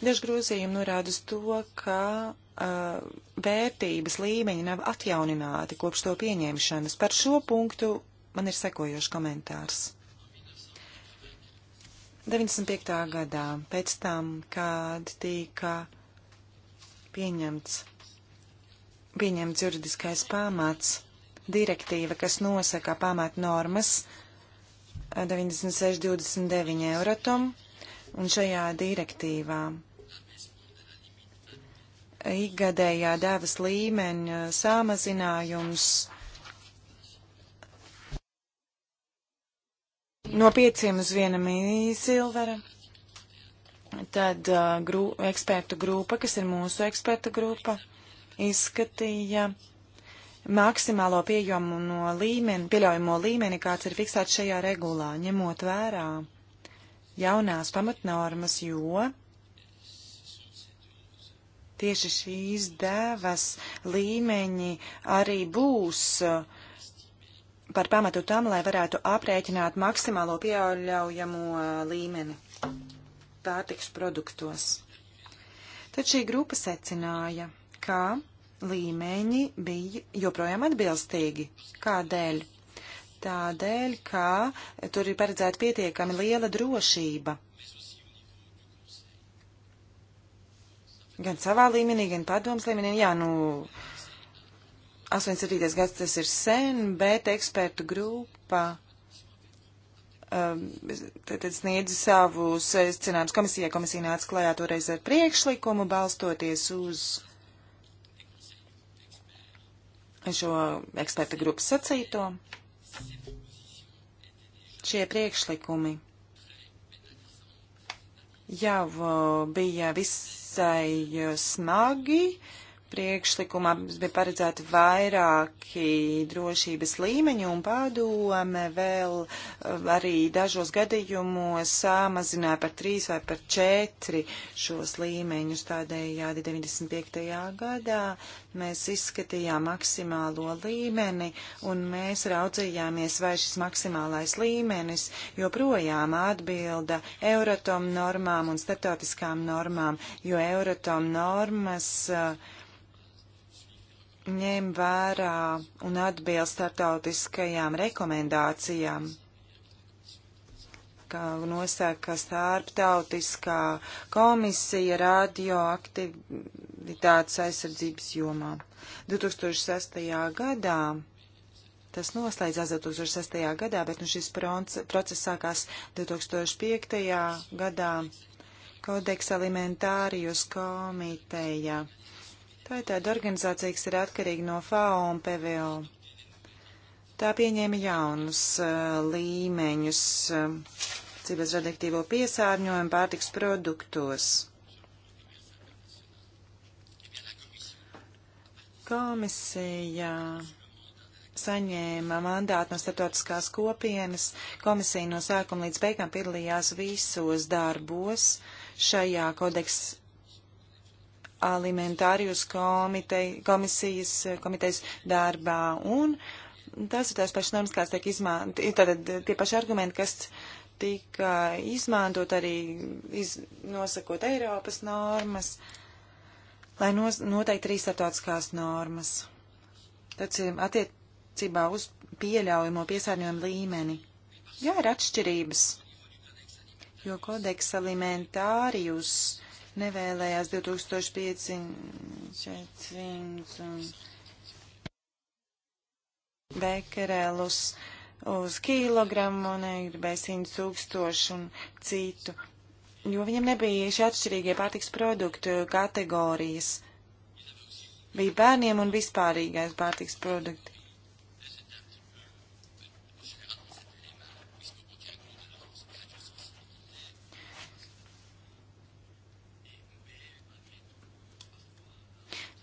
Daži grozījumi norāda uz to, ka uh, vērtības līmeņi nav atjaunināti kopš to pieņemšanas. Par šo punktu man ir sekojošs komentārs. 95. gadā, pēc tam, kad tika pieņemts pieņemts juridiskais pamats, direktīva, kas nosaka pamatnormas 96,29 eh, euratom, un šajā direktīvā ikgadējā devas līmeņa samazinājums no pieciem uz viena mīsilvera. Tad uh, eh, grū, ekspertu grupa, kas ir mūsu ekspertu grupa, uh, izskatīja maksimālo pieejamo līmeni, pieļaujamo līmeni, kāds ir fiksēts šajā regulā, ņemot vērā jaunās pamatnormas, jo tieši šīs devas līmeņi arī būs uh, par pamatu tam, lai varētu aprēķināt maksimālo pieļaujamo līmeni pārtiks produktos. Tad šī grupa secināja, ka līmeņi bija joprojām atbilstīgi. Kādēļ? Tādēļ, ka tur ir paredzēta pietiekami liela drošība. Gan savā līmenī, gan padoms līmenī. Jā, nu, 87. gads tas ir sen, bet ekspertu grupa um, tad sniedz savu secinājumus komisijai. Komisija nāca klajā toreiz ar priekšlikumu, balstoties uz šo eksperta grupas sacīto. Šie priekšlikumi jau uh, bija visai uh, smagi, uh, priekšlikumā mums bija paredzēti vairāki drošības līmeņi un padome vēl eh, arī dažos gadījumos samazināja par trīs vai par četri šos līmeņus. Tādējādi 95. gadā mēs izskatījām maksimālo līmeni un mēs raudzījāmies, vai šis maksimālais līmenis joprojām atbilda Euratom normām un starptautiskām normām, jo Euratom normas uh, ņem vērā un atbilst startautiskajām rekomendācijām, kā nosaka starptautiskā komisija radioaktivitātes aizsardzības jomā. 2006. gadā tas noslēdzās 2006. gadā, bet nu, šis process sākās 2005. gadā Kodeks Alimentārijus komiteja Tā ir tāda organizācija, kas ir atkarīga no FAO un PVO. Tā pieņēma jaunus uh, līmeņus uh, cibas radioaktīvo piesārņojumu pārtiks produktos. Komisija saņēma mandātu no starptautiskās kopienas. Komisija no sākuma līdz beigām piedalījās visos darbos šajā kodeksa alimentārijus komitei, komisijas eh, komitejas darbā. Un tas ir tās pašas normas, kāds tiek izmantot, tātad tie paši argumenti, kas tika izmantot arī iz, nosakot Eiropas normas, lai nos, noteikti arī starptautiskās normas. Tas ir attiecībā uz pieļaujamo piesārņojumu līmeni. Jā, ir atšķirības, jo kodeks alimentārijus nevēlējās 2500 un bekerēlus uz kilogramu, negribēja 100 tūkstošu un citu, jo viņam nebija šie atšķirīgie pārtiks produktu kategorijas. Bija bērniem un vispārīgais pārtiks produkti.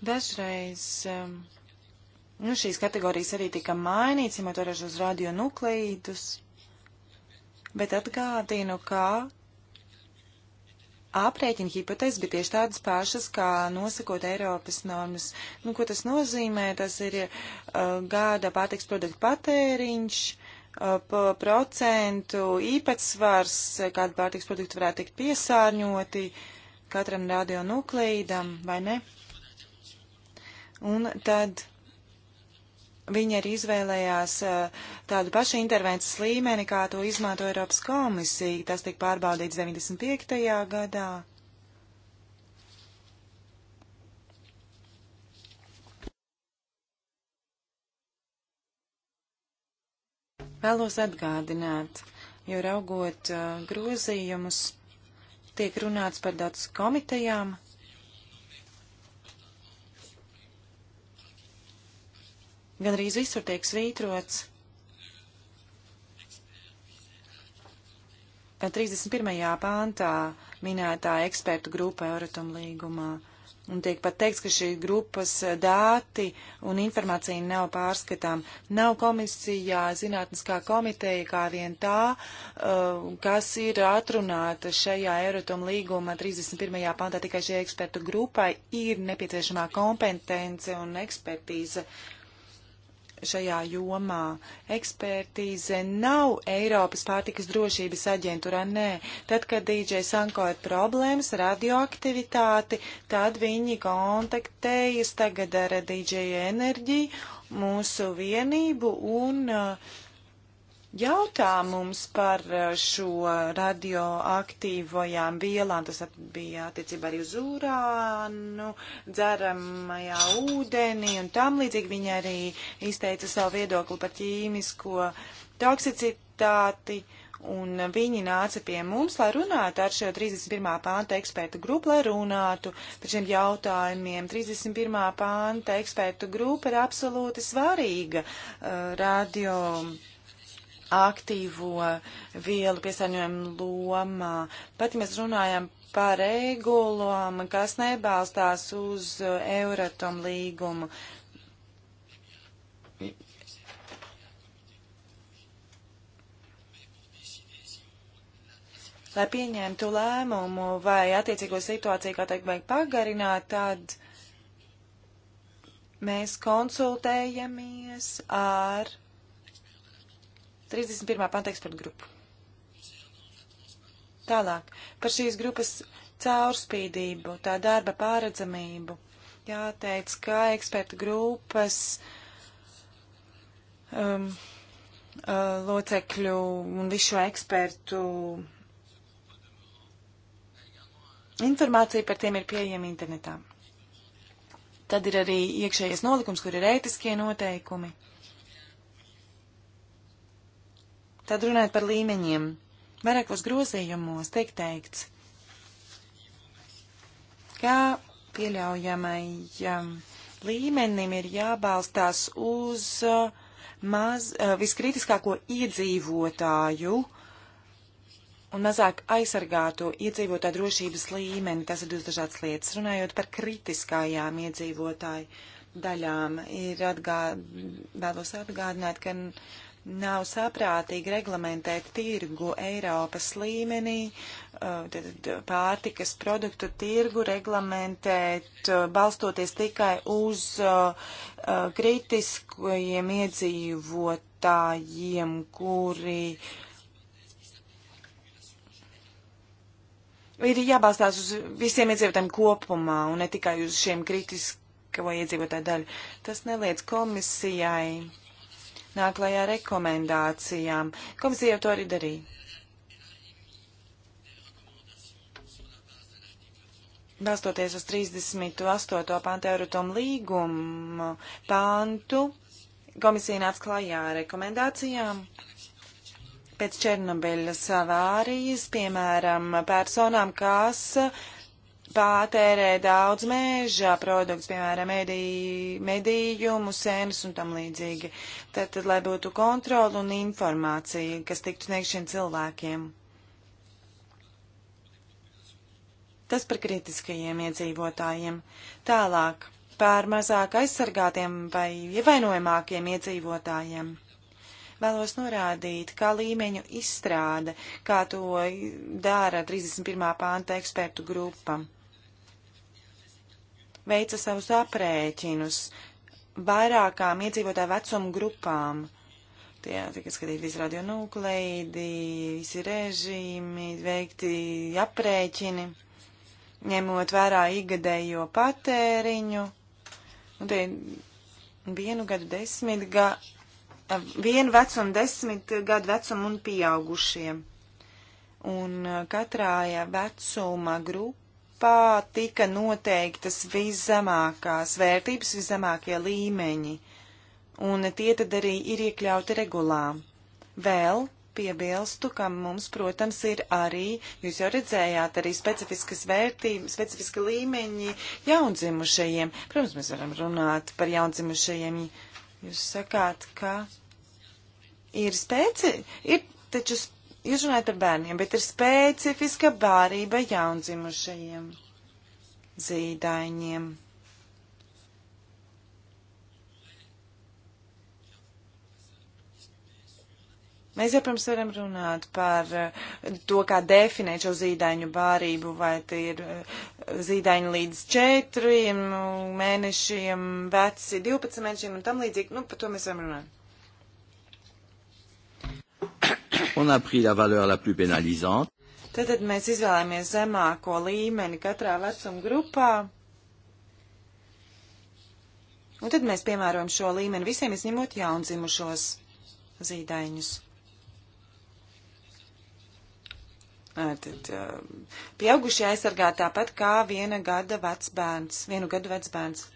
Dažreiz um, nu, šīs kategorijas arī tika mainīts, ja tur ir uz radionuklīdus, bet atgādinu, ka aprēķina hipotēzes bija tieši tādas pašas, kā nosakot Eiropas normas. Nu, ko tas nozīmē? Tas ir uh, gada pārtiks produktu patēriņš, uh, procentu īpatsvars, kāda pārtiks produktu varētu tikt piesārņoti katram radionuklīdam, vai ne? Uh, Un tad viņi arī izvēlējās eh, tādu pašu intervences līmeni, kā to izmanto Eiropas komisija. Tas tika pārbaudīts 95. gadā. Vēlos atgādināt, jo raugot eh, grozījumus, tiek runāts par daudz komitejām, Gan arī visur tiek svītrots. 31. pāntā minētā ekspertu grupa Euratom līgumā. Un tiek pat teikts, ka šī grupas dāti un informācija nav pārskatām. Nav komisijā zinātniskā komiteja kā vien tā, uh, kas ir atrunāta šajā Euratom līguma 31. pantā. Tikai šī ekspertu grupai ir nepieciešamā kompetence un ekspertīze, šajā jomā. Ekspertīze nav Eiropas pārtikas drošības aģentūrā, nē. Tad, kad DJ Sanko ir problēmas, radioaktivitāti, tad viņi kontaktējas tagad ar DJ enerģiju, mūsu vienību un uh, jautā mums par eh, šo radioaktīvajām vielām, tas bija attiecībā arī uz urānu, dzeramajā ūdenī un tam līdzīgi viņi arī izteica savu viedokli par ķīmisko toksicitāti. Un viņi nāca pie mums, lai runātu ar šo 31. pānta ekspertu grupu, lai runātu par šiem jautājumiem. 31. pānta ekspertu grupa ir absolūti svarīga uh, radio aktīvo vielu piesārņojumu lomā. Pat ja mēs runājam par regulām, kas nebalstās uz Euratom līgumu. Lai pieņemtu lēmumu vai attiecīgo situāciju, kā teikt, vajag pagarināt, tad mēs konsultējamies ar 31. panta ekspertu grupu. Tālāk par šīs grupas caurspīdību, tā darba pāredzamību. Jāteic, ka ekspertu grupas um, uh, locekļu un visu šo ekspertu informācija par tiem ir pieejama internetā. Tad ir arī iekšējais nolikums, kur ir ētiskie noteikumi. Tad runājot par līmeņiem, vairākos grozījumos tiek teikts, ka pieļaujamai um, līmenim ir jābalstās uz uh, maz, uh, viskritiskāko iedzīvotāju un mazāk aizsargāto iedzīvotāju drošības līmeni. Tas ir divas dažādas lietas. Runājot par kritiskajām iedzīvotāju daļām, ir atgā... vēlos atgādināt, ka nav saprātīgi reglamentēt tirgu Eiropas līmenī, eh, pārtikas produktu tirgu reglamentēt, eh, balstoties tikai uz eh, kritiskajiem iedzīvotājiem, kuri ir jābalstās uz visiem iedzīvotājiem kopumā un ne tikai uz šiem kritiskajiem iedzīvotāju daļu. Tas neliec komisijai nāk klajā rekomendācijām. Komisija jau to arī darīja. Balstoties uz 38. pantu Eurotom līgumu pantu, komisija nāca klajā rekomendācijām pēc Černobiļas avārijas, piemēram, personām, kas pātērē daudz mēža produkts, piemēram, medī, medījumu, sēnes un tam līdzīgi. Tad, tad, lai būtu kontrola un informācija, kas tiktu sniegt šiem cilvēkiem. Tas par kritiskajiem iedzīvotājiem. Tālāk par mazāk aizsargātiem vai ievainojamākiem iedzīvotājiem vēlos norādīt, kā līmeņu izstrāde, kā to dara 31. pānta ekspertu grupa veica savus aprēķinus vairākām iedzīvotāju vecumu grupām. Tie tika skatīti visi radionukleidi, visi režīmi, veikti aprēķini, ņemot vērā igadējo patēriņu. Un te vienu gadu desmit ga, vienu vecumu desmit gadu vecumu un pieaugušiem. Un eh, katrā vecuma grupa Eiropā tika noteiktas viszemākās vērtības, viszemākie līmeņi, un tie tad arī ir iekļauti regulā. Vēl piebilstu, ka mums, protams, ir arī, jūs jau redzējāt, arī specifiskas vērtības, specifiski līmeņi jaundzimušajiem. Protams, mēs varam runāt par jaundzimušajiem. Jūs sakāt, ka ir speci, ir taču Jūs runājat par bērniem, bet ir specifiska bārība jaundzimušajiem zīdaiņiem. Mēs jau pirms varam runāt par eh, to, kā definēt šo zīdaiņu bārību, vai tie ir eh, zīdaiņi līdz četriem mēnešiem, veci 12 mēnešiem un tam līdzīgi. Nu, par to mēs varam runāt. On a pris la valeur la plus pénalisante. Tad mēs izvēlējāmies zemāko līmeni katrā vecuma grupā. Un tad mēs piemērojam šo līmeni visiem, izņemot jaundzimušos zīdaiņus. Tad, pieaugušie aizsargā tāpat kā viena gada vecs bērns, vienu gadu vecs bērns.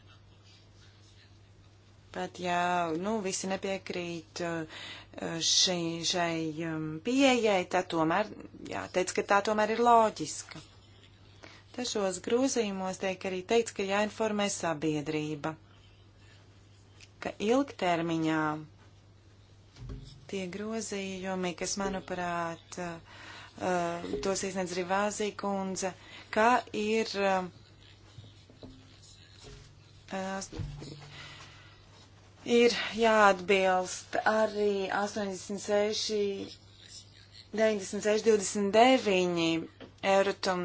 Pat ja nu, visi nepiekrīt eh, šai, šai um, pieejai, tad tomēr jāteic, ka tā tomēr ir loģiska. Tašos grūzījumos tiek arī teikts, ka jāinformē sabiedrība, ka ilgtermiņā tie grozījumi, kas, manuprāt, eh, tos iesniedz arī Vāzī kundze, kā ir eh, ir jāatbilst arī 86, 96, 29 Eurotum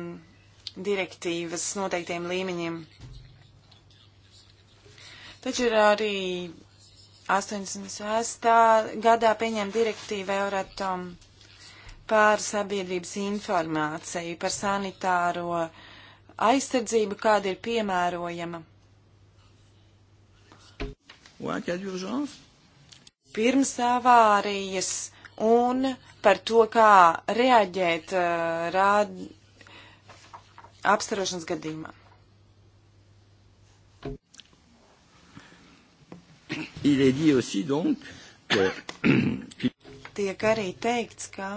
direktīvas noteiktiem līmeņiem. Taču ir arī 86. gadā pieņem direktīva Euratom par sabiedrības informāciju, par sanitāro aizsardzību, kāda ir piemērojama ou un cas d'urgence Pirms avārijas un par to, kā reaģēt uh, rād... apstarošanas gadījumā. Il est dit aussi donc que... Tiek arī teikts, ka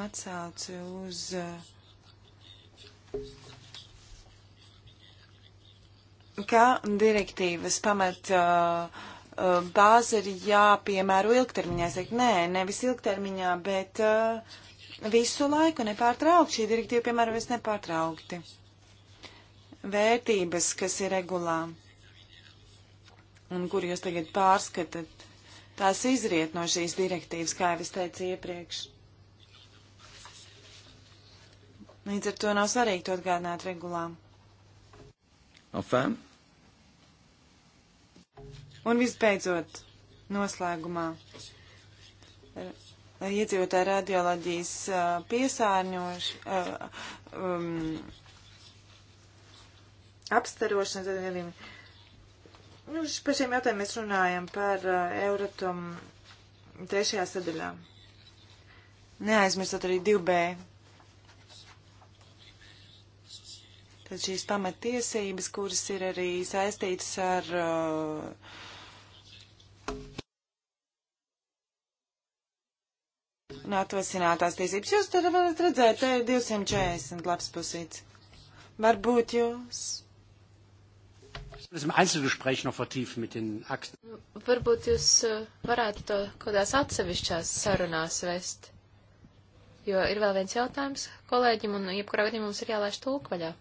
atsauci uz uh, ka direktīvas pamat uh, uh, bāze ir jāpiemēro ilgtermiņā. Es teiktu, nē, nevis ilgtermiņā, bet uh, visu laiku nepārtraukti. Šī direktīva piemērojas nepārtraukti. Vērtības, kas ir regulā un kur jūs tagad pārskatat, tās izriet no šīs direktīvas, kā jau es teicu iepriekš. Līdz ar to nav svarīgi to atgādināt regulām. Enfin. Un visbeidzot, noslēgumā, lai eh, iedzīvotāji radioloģijas eh, piesārņoši, eh, um, apstarošana, tad arī, nu, par šiem jautājumiem mēs runājam par Euratom trešajā sadaļā. Neaizmirstot arī 2B Tad šīs pamatiesības, kuras ir arī saistītas ar. Uh, un nu, atvasinātās tiesības. Jūs tad varat redzēt, te ir 240 labs pusīts. Varbūt jūs. Nu, varbūt jūs eh, varētu to kādās atsevišķās sarunās vest. Jo ir vēl viens jautājums kolēģim, un jebkurā gadījumā mums ir jālaiž tulkvaļā.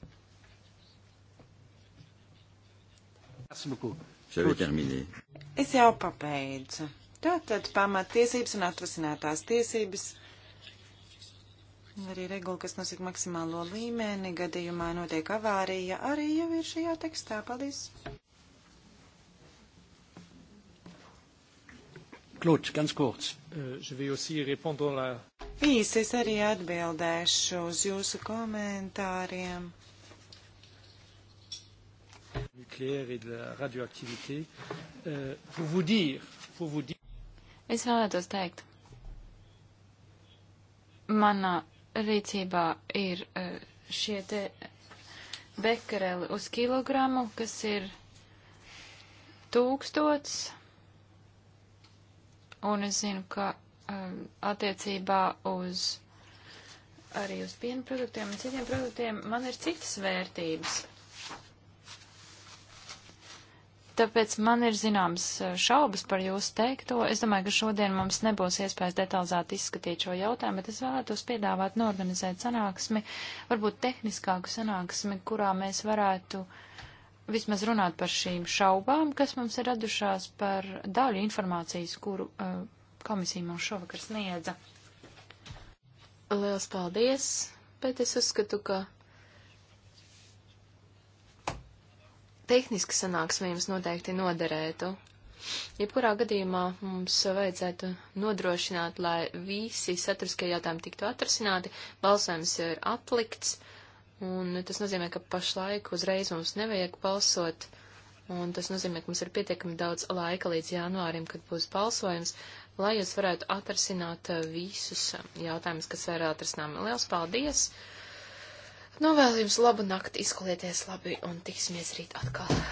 Es jau pabeidzu. Tātad pamattiesības un atvasinātās tiesības. Arī regula, kas nosaka maksimālo līmeni, gadījumā notiek avārija, arī jau ir šajā tekstā. Paldies! Klūč, ganz kurz. Äh, Īsi es arī atbildēšu uz jūsu komentāriem nucléaire et de la radioactivité, euh, pour vous dire, pour vous dire. Es vēlētos teikt, manā rīcībā ir uh, šie te bekareli uz kilogramu, kas ir tūkstots, un es zinu, ka um, attiecībā uz arī uz piena produktiem un citiem produktiem man ir citas vērtības tāpēc man ir zināms e, šaubas par jūsu teikto. Es domāju, ka šodien mums nebūs iespējas detalizēt izskatīt šo jautājumu, bet es vēlētos piedāvāt norganizēt sanāksmi, varbūt tehniskāku sanāksmi, kurā mēs varētu vismaz runāt par šīm šaubām, kas mums ir radušās par daļu informācijas, kuru uh, komisija mums šovakar sniedza. Liels paldies, bet es uzskatu, ka tehniska sanāksme jums noteikti noderētu. Jebkurā gadījumā mums vajadzētu nodrošināt, lai visi saturiskie jautājumi tiktu atrasināti, balsojums jau ir atlikts, un tas nozīmē, ka pašlaik uzreiz mums nevajag balsot, un tas nozīmē, ka mums ir pietiekami daudz laika līdz janvārim, kad būs balsojums, lai jūs varētu atrasināt visus jautājumus, kas vēl ir atrasināmi. Liels paldies! Novēlu nu, jums labu nakti, izkolieties labi un tiksimies rīt atkal.